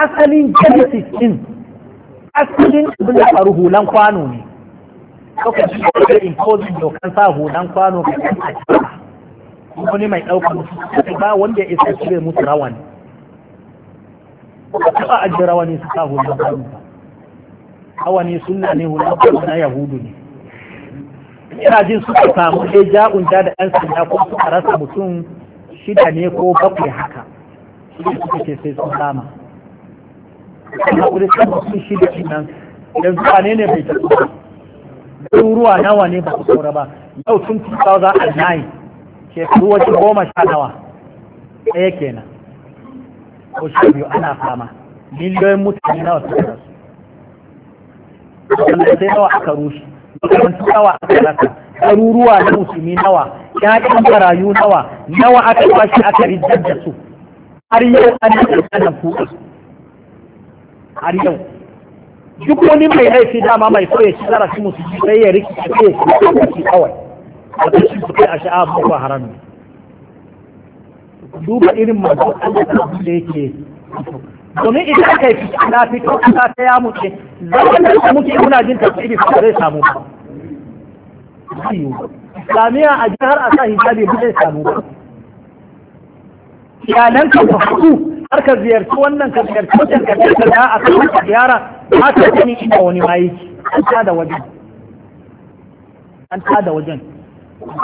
Speaker 1: asalin genesis din asalin abin da faru hulan kwano ne
Speaker 3: lokacin da ya imposing
Speaker 1: dokan sa hulan kwano ga yan a wani mai ɗaukar musu ba wanda ya isa cire musu rawani ba taɓa ajiye rawani su sa hulan kwano ba rawani suna ne hulan kwano na yahudu ne ina jin suka samu ɗaya ja'unta da ɗan sanda ko suka rasa mutum shida ne ko bakwai haka shida suka ce sai sun kama sun haƙuri sun mutum shida ɗin nan yanzu ba ne ne bai tafi ba ruwa nawa ne ba su saura ba yau tun 2009 shekaru wajen goma sha nawa ɗaya kenan ko sha biyu ana fama miliyoyin mutane nawa su rasu wanda sai nawa aka rushe makarantu nawa aka rasa ɗaruruwa na musulmi nawa ya ɗan barayu nawa nawa aka kwashi aka riddar da su har yau an yi ƙanƙanan kuɗi. har yau
Speaker 2: duk wani mai laifi dama mai
Speaker 1: so ya ci zarafi musu ji sai ya riki sai ya ci zarafi kawai a cikin su kai a sha'a boko haram ne duba irin masu Allah da abin da yake domin idan aka yi fita na fito kasa ta ya zai
Speaker 2: wanda ta muke muna jin tafiye ba zai samu ba
Speaker 1: islamiyya a jihar a sa hijabi ba zai samu ba iyalan ka ba haku har ka ziyarci wannan ka ziyarci wajen ka ziyarci da a kan ka ziyara ba ka gani ina wani mayi an tada wajen an tada wajen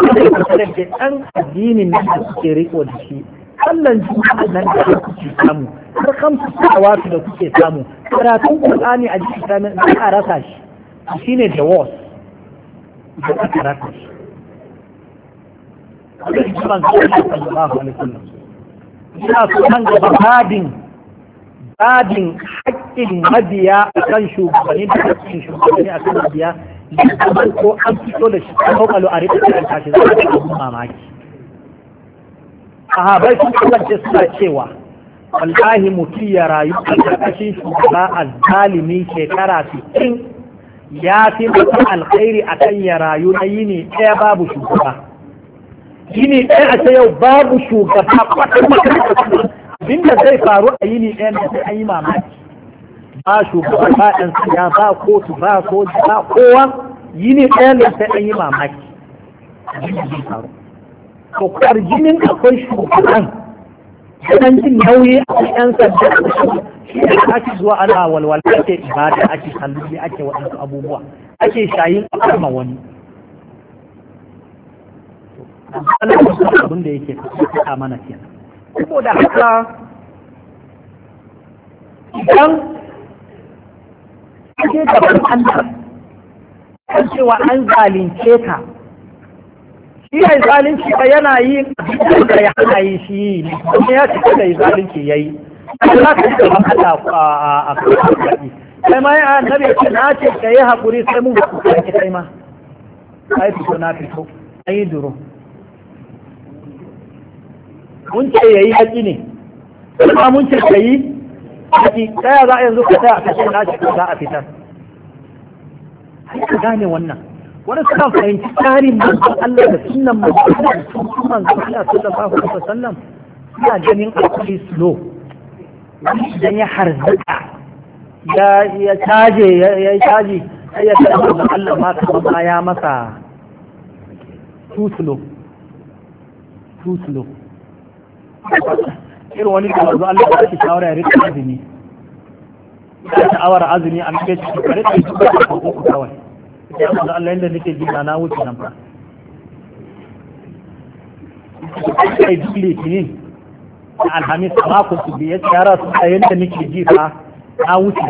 Speaker 1: da ɗan addinin nan da suke riko da shi sallan juma'a nan da kuke samu har kamsu salawatu da kuke samu karatun qur'ani a jikin sanin za a rasa shi shine the worst da aka rasa shi
Speaker 2: da hijiran Allah
Speaker 1: ina so gaba babin haƙƙin mabiya a kan shugabanni da haƙƙin shugabanni a kan mabiya yadda ko an fito da shi kan hukalo a rikin da tashi za a ga mamaki sahabai sun kasance suna cewa wallahi mutum ya rayu a ƙarƙashin shugaba a zalimi shekara sittin ya fi mutum alkhairi a kan ya rayu na yini ɗaya babu shugaba yini ɗaya a ce yau babu shugaba kwatan abinda zai faru a yini ɗaya da sai an yi mamaki ba shugaba ba ɗan siya ba kotu ba soja ba kowa yini ɗaya da sai an yi mamaki abinda faru to kwarjinin akwai shugaban dan jin nauyi a ɗan sanda shi ne ake zuwa ana walwala ake ibada ake kalli ake waɗansu abubuwa ake shayin a wani Allah ya abin da yake faɗa mana
Speaker 3: ko da haka idan
Speaker 1: ake gaban Allah kan cewa an zalunce ka shi ya zalunci ba yana yi da ya hana yi shi ne kuma ya cika da zalunci ya yi Allah ka cika maka da a kusa kwanaki kai ma ya annabi ya ce na ce ka yi haƙuri sai mun ba ku kai ma ai fito na fito an yi duro mun ce yayi haƙi ne kuma mun ce ka yi haƙi ɗaya za a yanzu ka tsaya ka kashe na shi za a fitar ka gane wannan wani suna fahimci tsarin manzon Allah da sunan manzon Allah manzon Allah sallallahu alaihi wasallam ya ganin akwai sulo idan ya harzuka ya ya caje ya caji sai ya kada manzon Allah ma ba ya masa too slow too slow irin wani da mazu Allah ba shawara ya rika azumi ta shawara azumi a nake shi ka rika shi ba ko ku kawai ya mazu Allah inda nake jina na wuce nan ba kai duk litinin alhamis mako su biye yara su a yadda nake ji fa na wuce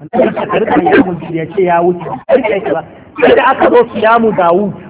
Speaker 1: an ta karɓar yamu ya ce ya wuce karɓar ba sai da aka zo su yamu wuce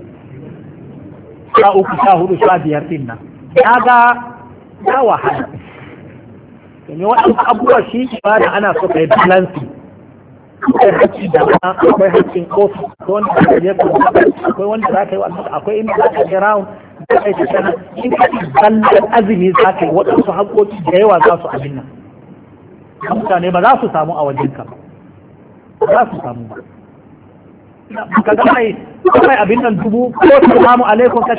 Speaker 1: sha uku sha hudu sha biyar din nan ya ga ya wahala domin waɗansu abubuwa shi ibada ana so ka yi balansi akwai hakki da ma akwai hakkin kofi akwai wanda za ka je akwai wanda za ka yi wannan akwai inda za ka je round da kai ta sana in ka yi ballan azumi za ka yi waɗansu haƙoƙi da yawa za su abin nan mutane ba za su samu a wajenka ba za su samu ba ka ga mai kai abin nan dubu ko salamu alaikum ka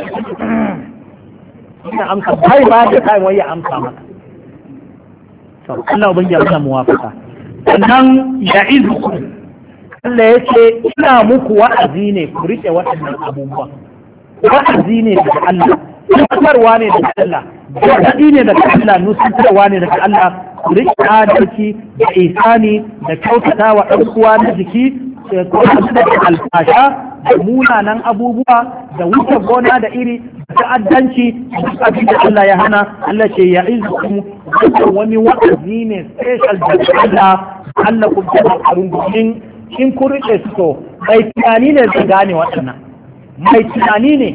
Speaker 1: ina amsa kai ba da kai wai ya amsa maka to Allah ubangi ya muwafaka sannan ya izuku Allah ya ce ina muku wa'azi ne ku rike waɗannan abubuwan wa'azi ne daga Allah nusantarwa ne daga Allah gargaɗi ne daga Allah nusantarwa ne daga Allah ku rike adalci da isani da kyautata wa ɗan uwa na jiki alfasha da munanan abubuwa da wuce gona da iri da ta'addanci duk abin da Allah ya hana Allah ce ya izu wannan wani wa'azi ne special da Allah Allah ku karun karungushin in ku rike su to mai tunani ne zai gane waɗannan mai tunani ne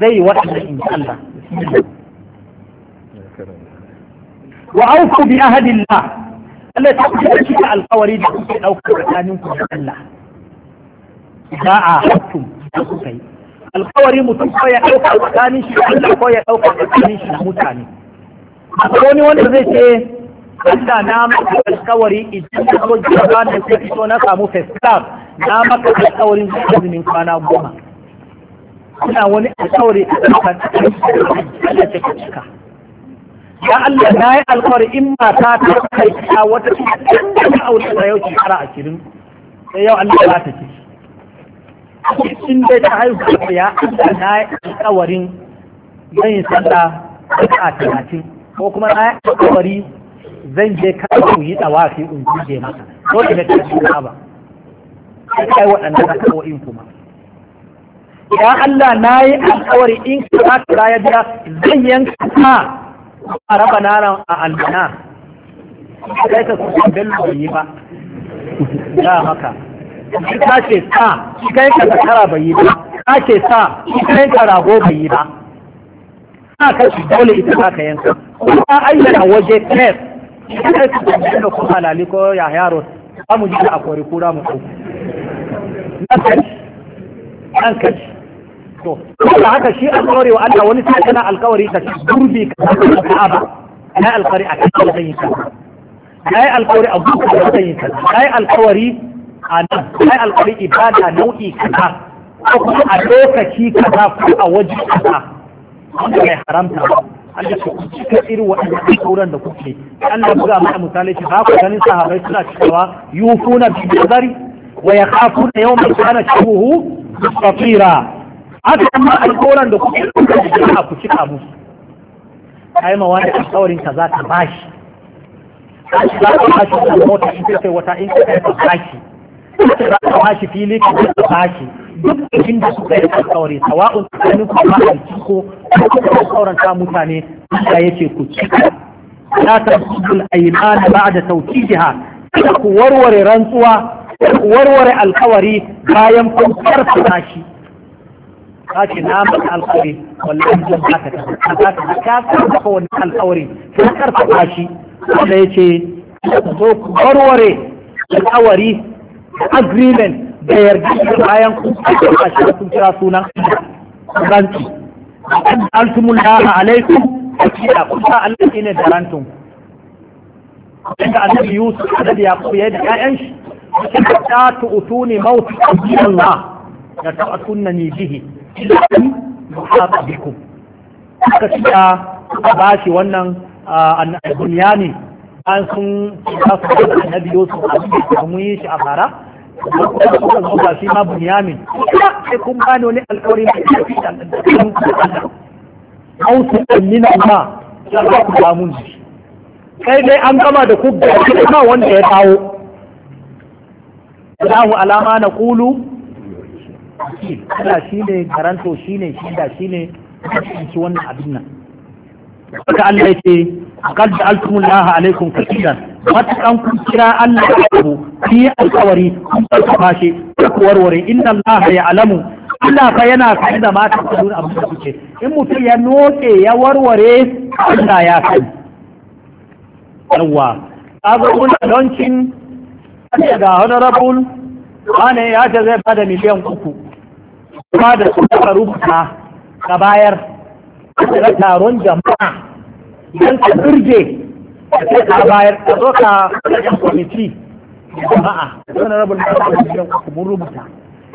Speaker 1: zai waɗannan in Allah wa auku bi ahadillah Allah ta kuka cika alkawari da kuke ɗaukar tsakaninku da Allah za a hattum da kuka yi alkawari mutum ko ya ɗauka a tsakanin shi Allah ko ya ɗauka a tsakanin shi mutane akwai wani wanda zai ce Allah na maka alkawari idan ka zo gaba da sai fito na samu first na maka alkawarin azumin kwana goma Kuna wani alkawari a kan Allah ce ka cika ya Allah na yi alkawari in mata ta kai ta wata ta aure da yau shekara ashirin sai yau Allah za ta ciki in da ta haihu ya Allah na yi alƙawarin zan yi sallah a talatin ko kuma na yi alƙawari zan je kawo yi tsawafi in je maka ko da ta ci ba sai kai waɗanda na kawo in kuma ya Allah na yi alƙawari in kuma ta ka raya biya zan yanka ka a raba naran a albana sai ka kusa bello yi ba ya maka ka ce sa shi ka yanka zakara bai yi ba ka ce sa shi ka rago bai yi ba ka ka shi dole ita za ka yanka kuma ayyana waje tef
Speaker 3: shi ka yanka da kuma
Speaker 1: halali ko ya yaro za mu ji da akwari kura mu ɗauki na kashi an kashi to kuma haka shi alƙawari wa Allah wani sai kana alƙawari ka ci gurbi ka samu Na ai alƙawari a kan zan yi kaza yi alƙawari a gurbin zan yi kaza yi alƙawari a nan ai alƙari ibada nau'i kaza ko kuma a lokaci kaza ko a waje kaza wanda mai haramta ba Allah ce ku cika irin waɗannan sauran da kuke Allah buga mana misali ce ba ku ganin sahabbai suna cewa yufuna bi nazari wa yakhafuna yawman kana shuhu safira haka amma alƙawaran da kuke kuka ku cika musu ai ma wani alƙawarin ka za ta bashi za ka bashi mota in kai wata in kai ta bashi za ka bashi fili ka da bashi duk abin da suka yi alkawari sawa'un tsakanin ku ba alki ko kuma tsauranta mutane Allah yace ku cika la tasudul da ba'da tawkidiha kada ku warware rantsuwa ku warware alkawari bayan kun farfasa shi kace na maka alkawari wallahi zan baka ta ka ka ka wannan alkawari ka karfafa shi Allah yace ku warware alkawari agreement da yarda bayan kun a shi sun kira sunan ranci an a alaikum a kun sa Allah ne da rantun inda annabi Yusuf annabi Yaqub ya da ƴaƴan shi ta tu'tuni mautu Allah da ta'tunani bihi idan muhata bikum cika ba shi wannan ne an sun ta ta da annabi Yusuf a cikin mun yi shi a bara da kuka zo ba shi ma bunyamin sai kun bani wani alƙawari mai ƙarfi da au su amina ma ya ba ku damun ji kai dai an gama da ku da ma wanda ya kawo Allahu alama na kulu Allah shine garanto shine shida shine shi ne, wannan abin nan
Speaker 3: haka Allah ya ce
Speaker 1: qad ja'altumullaha alaikum kaseeran matakan kun kira Allah da abu yi alkawari kun farka shi ku warware inda Allah ya alamu. Allah fa yana kai da mata ku dun abin da kuke in mutum ya noke ya warware Allah ya kai yawa kaga kuna launching daga honorable wane ya ce zai bada miliyan uku ba da su rubuta ka bayar na taron jama'a don ka birge da ka bayar ka zo ka yan kwamiti jama'a wani rabin da aka yi kuma rubuta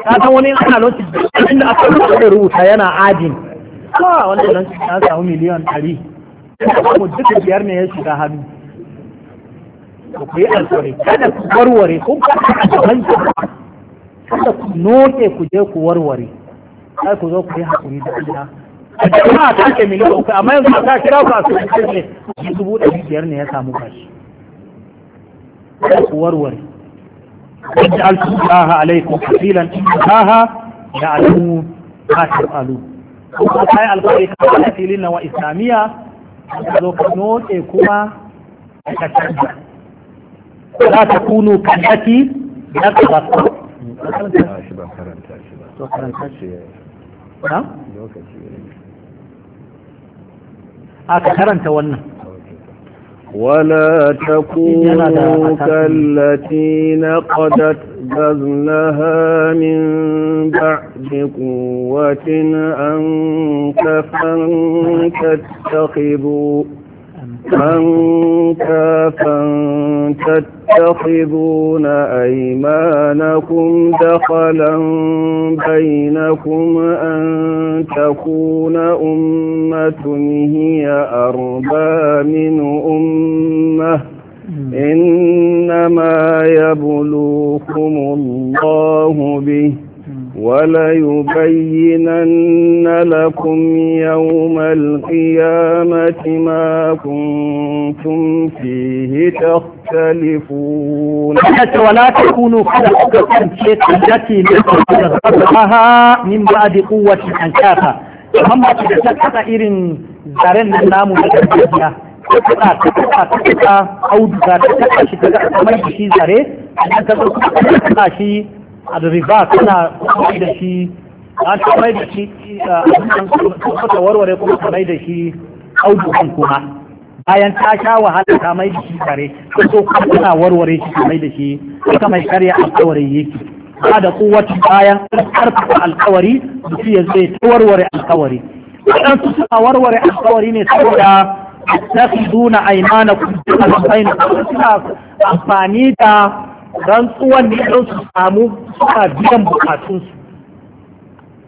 Speaker 1: ta san wani ana lokacin inda aka rubuta rubuta yana adin ka wanda nan ya samu miliyan ɗari kuma duka biyar ne ya shiga hannu ku ku yi alkore kada ku warware kun fata a gaban kada ku noke ku je ku warware sai ku zo ku yi hakuri da Allah a jama'a ta ke miliyan uku amma yanzu a ta kira ku a sun ne dubu ɗari biyar ne ya samu kashi kada ku warware wadda alfuɗaha alaikum kafilan ɗaha da alamu ta tafalu kuma ta yi alfahari kawai na filin na wa islamiyya ka zo ka noke kuma ka canza za ta kunu kanaki
Speaker 3: na karatu. Ba karanta shi ba karanta shi ba. karanta shi. Lokaci. aka
Speaker 2: karanta wannan ولا تكونوا كالتي نقدت بذلها من بعد قوة أنكفا تتخذوا أنكافا تتخذون أيمانكم دخلا بينكم أن تكون أمة هي أربى من أمة إنما يبلوكم الله به وليبينن لكم يوم القيامة ما كنتم فيه تختلفون حتى ولا تكونوا خلقكم شيء التي لها من بعد قوة
Speaker 1: أنكافة amma ki da ta irin zaren nan namu na gargajiya ta kada ta kada ta ta shi daga kamar shi zare ta kada shi adriba tana kai da shi an kamar da shi a warware kuma kamar da shi audukan kuma bayan ta sha wahala ta mai da shi kare ko kuma tana warware shi kamar da shi mai karya alkawari yake ba da kowace bayan karfafa alkawari da su ya zai ta warware alkawari waɗansu suna warware alkawari ne saboda tafi duna aimana kuma suna amfani da rantsuwan ne don su samu suna biyan bukatunsu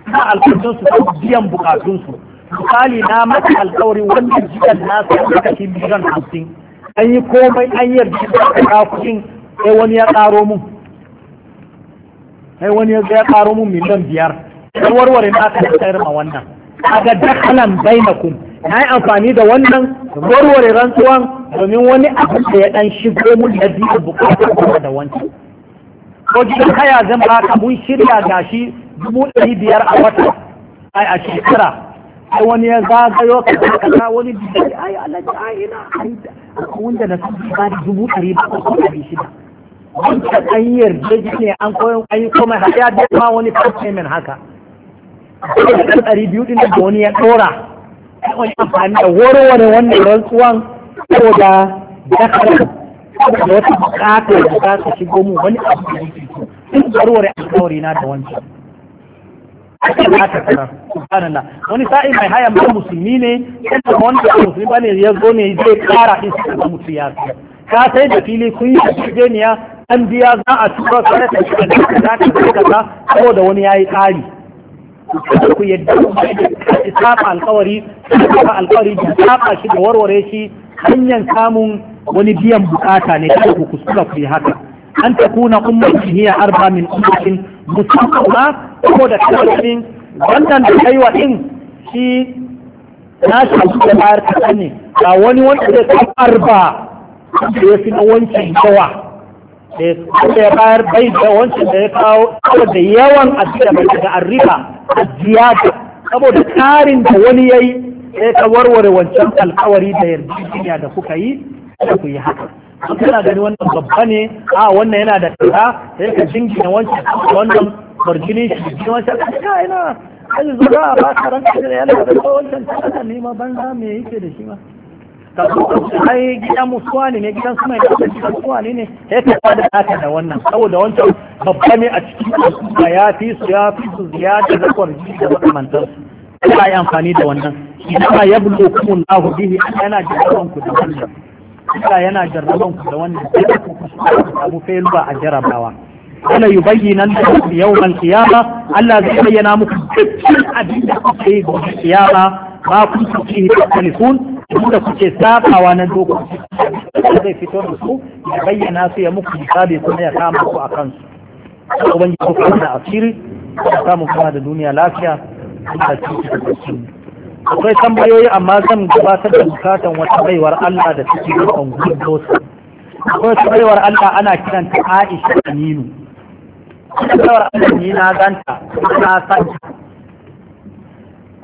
Speaker 1: suna alkawarin su biyan bukatunsu misali na mata alkawari wannan jiyan nasu a kaka shi miliyan hamsin an yi komai an yarda da ka kuɗin sai wani ya ƙaro mun sai wani ya ƙaro mun miliyan biyar sai warware na ka da tsayar ma wannan kaga dakalan bainakum na yi amfani da wannan warware rantsuwan domin wani abu da ya dan shigo mun da biyu bukatar kuma da wancan ko gidan haya zan baka mun shirya gashi dubu ɗari biyar a wata
Speaker 3: ai a shekara
Speaker 1: ai wani ya zagayo ka kaza
Speaker 3: wani biyar ai alaji ai ina
Speaker 1: ai da na san ba da dubu ɗari ba ko ɗari shida wancan an yarda ne an koyon an yi komai haya da ma wani first payment haka ɗari biyu ɗin da wani ya ɗora wani amfani da warware wannan rantsuwan dakar da sa'in mai haya mai musulmi ne yadda wani da musulmi ba ne ya zo ne zai kara din su da mutu ya ka sai da fili kun yi ya an biya za a tura sai ta shiga da za ta kaza da wani ya yi tsari ku yadda ku saba alkawari saba alkawari da saba shi da warware shi hanyar samun wani biyan bukata ne kada ku kuskura ku yi haka an ta kuna ummatin hiya arba min ummatin musamman ma ko da kalmomin
Speaker 3: wannan da wa
Speaker 1: din shi na shi da bayar kaɗan ne a wani wanda zai kan arba da ya fi na wancan yawa
Speaker 3: eh, da ya bayar
Speaker 1: bai da wancan da ya kawo da yawan addu'a bai daga arriba ziyada saboda tarin da wani ya yi sai ka warware wancan alkawari da yarjejeniya da kuka yi da ku yi haka kana gani wannan babba ne a wannan yana da kaza sai ka jingina wancan wannan barjini shi ne wancan ka ina an zuwa ba ka ranka da yana da wancan kaza ne ma banza me yake da shi ma ai gidan musuwa ne gidan suna gidan gidan musuwa ne ne ka tafa da haka da wannan saboda wancan babba ne a cikin al'umma ya fi su ya fi su ziyada da kwarji da makamantar su ya yi amfani da wannan idan ya bulo kuma lahu bihi yana jarraban ku da wannan Allah yana jarraban ku da wannan sai ku samu failure a jarabawa ana yi bayyanan da yau man kiyama Allah zai bayyana muku dukkan abin da kuka yi gobe kiyama Ba ma kuntum fihi takhtalifun da kuke wa nan dokoki zai fito da su ya bayyana su ya muku hisabi kuma ya kama ku kansu. su ubangiji ku kana asiri ya samu kuma da duniya lafiya da cikin akwai tambayoyi amma zan gabatar da bukatan wata baiwar Allah da take da angulo akwai wata baiwar Allah ana kiranta Aisha Aminu baiwar Allah ni na ganta na san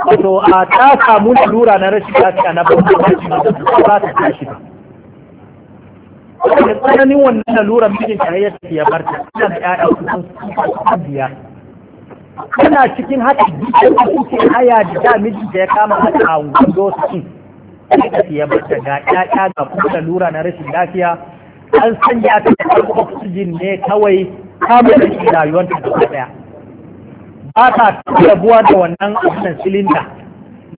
Speaker 1: wato a ta samu lura na rashin lafiya na bambanci da ba ta tashi ba da tsananin wannan laluran mijin ta ya tafi ya bar ta tana da ƴaƴa kusan kusan biya kana cikin haka dukkan kuke haya da da mijin ta ya kama haka a wando su ya tafi ya bar ta ga ƴaƴa ga kuma lura na rashin lafiya an sanya ta da oxygen ne kawai kamar da rayuwar ta gaba daya ba ta rabuwa da wannan abin silinda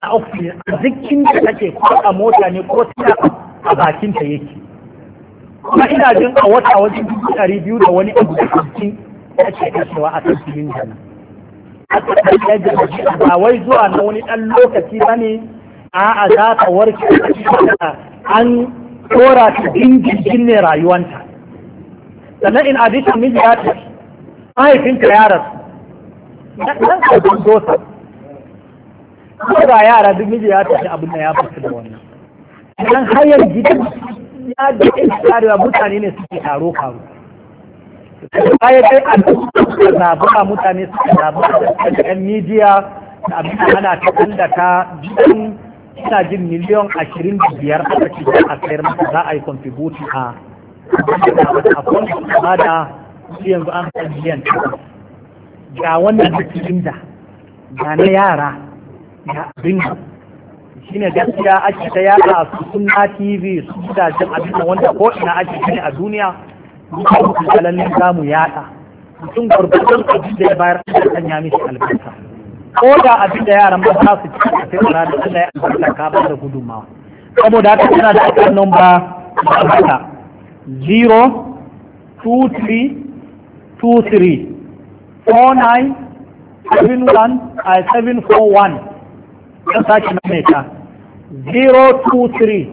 Speaker 1: na oxygen a jikin ta take ko a mota ne ko ta a bakin ta yake kuma ina jin a wata wajen dubu ɗari biyu da wani abu da hamsin take kashewa a kan silinda na. aka ɗaya da ba wai zuwa na wani ɗan lokaci ba ne a'a za ta warke an tora ta dingin ne rayuwanta sannan in addition min ya tafi mahaifinta ya rasu dan abin dosa ko da yara duk miji ya tafi abin da ya fasu da wannan idan hayar gidan ya da tsarewa mutane ne suke taro karo bayan dai a zabura mutane suke zabura da yan midiya da abin da ana ta kanda ta gidan ina jin miliyon ashirin da biyar aka ce a sayar masa za a yi contribution a
Speaker 3: a kwanci ba
Speaker 1: da yanzu an miliyan takwas ga wannan da cikin da ga na yara ga abin shi ne gaskiya ake ta yara a su na tv su jin abin da wanda ko ina ake gani a duniya duka mutu kalalin za mu yada mutum gwargwadon abin da ya bayar da sanya mishi albarka ko da abin da yaran ba za su cika a sai da Allah ya albarka ka ba da gudunmawa saboda haka tana da akan nomba ba haka 0 2 3 2 0971 a 741 don sake maimaita 023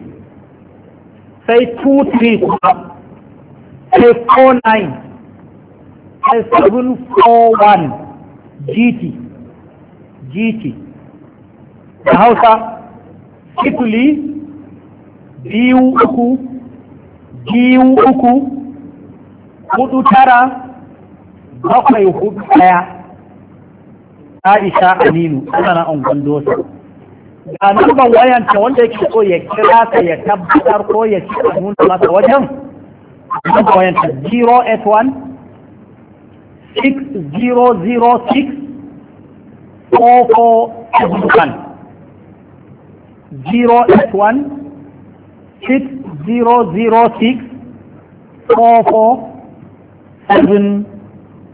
Speaker 1: sai 23 kuma sai 49 sai 741 gt gt da hausa sifili biyu uku biyu uku hudu tara bakwai hudu daya Aisha Aminu tana an gwando ta. ga namban wayanta wanda yake so ya kira ta ya tabbatar ko ya ci a nuna masa wajen namban wayanta 081 6006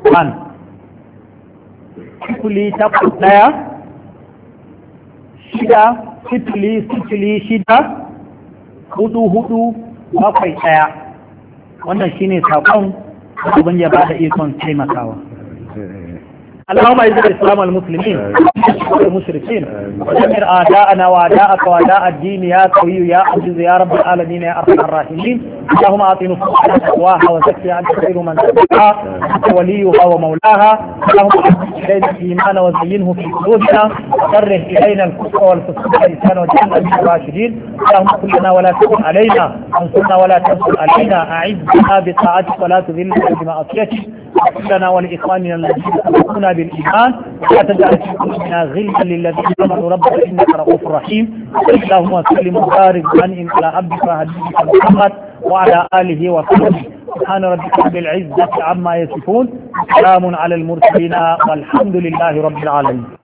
Speaker 1: an sifili takwas ɗaya shida sifili sifili shida hudu hudu bakwai ɗaya wannan shine saƙon abin ya ba da ikon taimakawa
Speaker 2: اللهم اعز الاسلام
Speaker 1: والمسلمين والمشركين ودمر اعداءنا واعداءك واعداء الدين يا قوي يا عزيز يا رب العالمين يا ارحم الراحمين اللهم اعط نفوسنا تقواها وزكي عن خير من زكاها وليها ومولاها اللهم اعز الينا الايمان وزينه في قلوبنا وكره إلينا الكفر والفسوق إن والجنه من الراشدين اللهم كلنا ولا تكن علينا انصرنا ولا تنصر علينا أعزنا بطاعتك ولا تذلنا بمعصيتك لنا ولإخواننا الذين سبقونا بالإيمان ولا تجعل في قلوبنا غلا للذين آمنوا ربك إنك رؤوف رحيم اللهم سلم وبارك وأنعم على عبدك وهديك محمد وعلى آله وصحبه سبحان ربك رب العزة عما يصفون سلام على المرسلين والحمد لله رب العالمين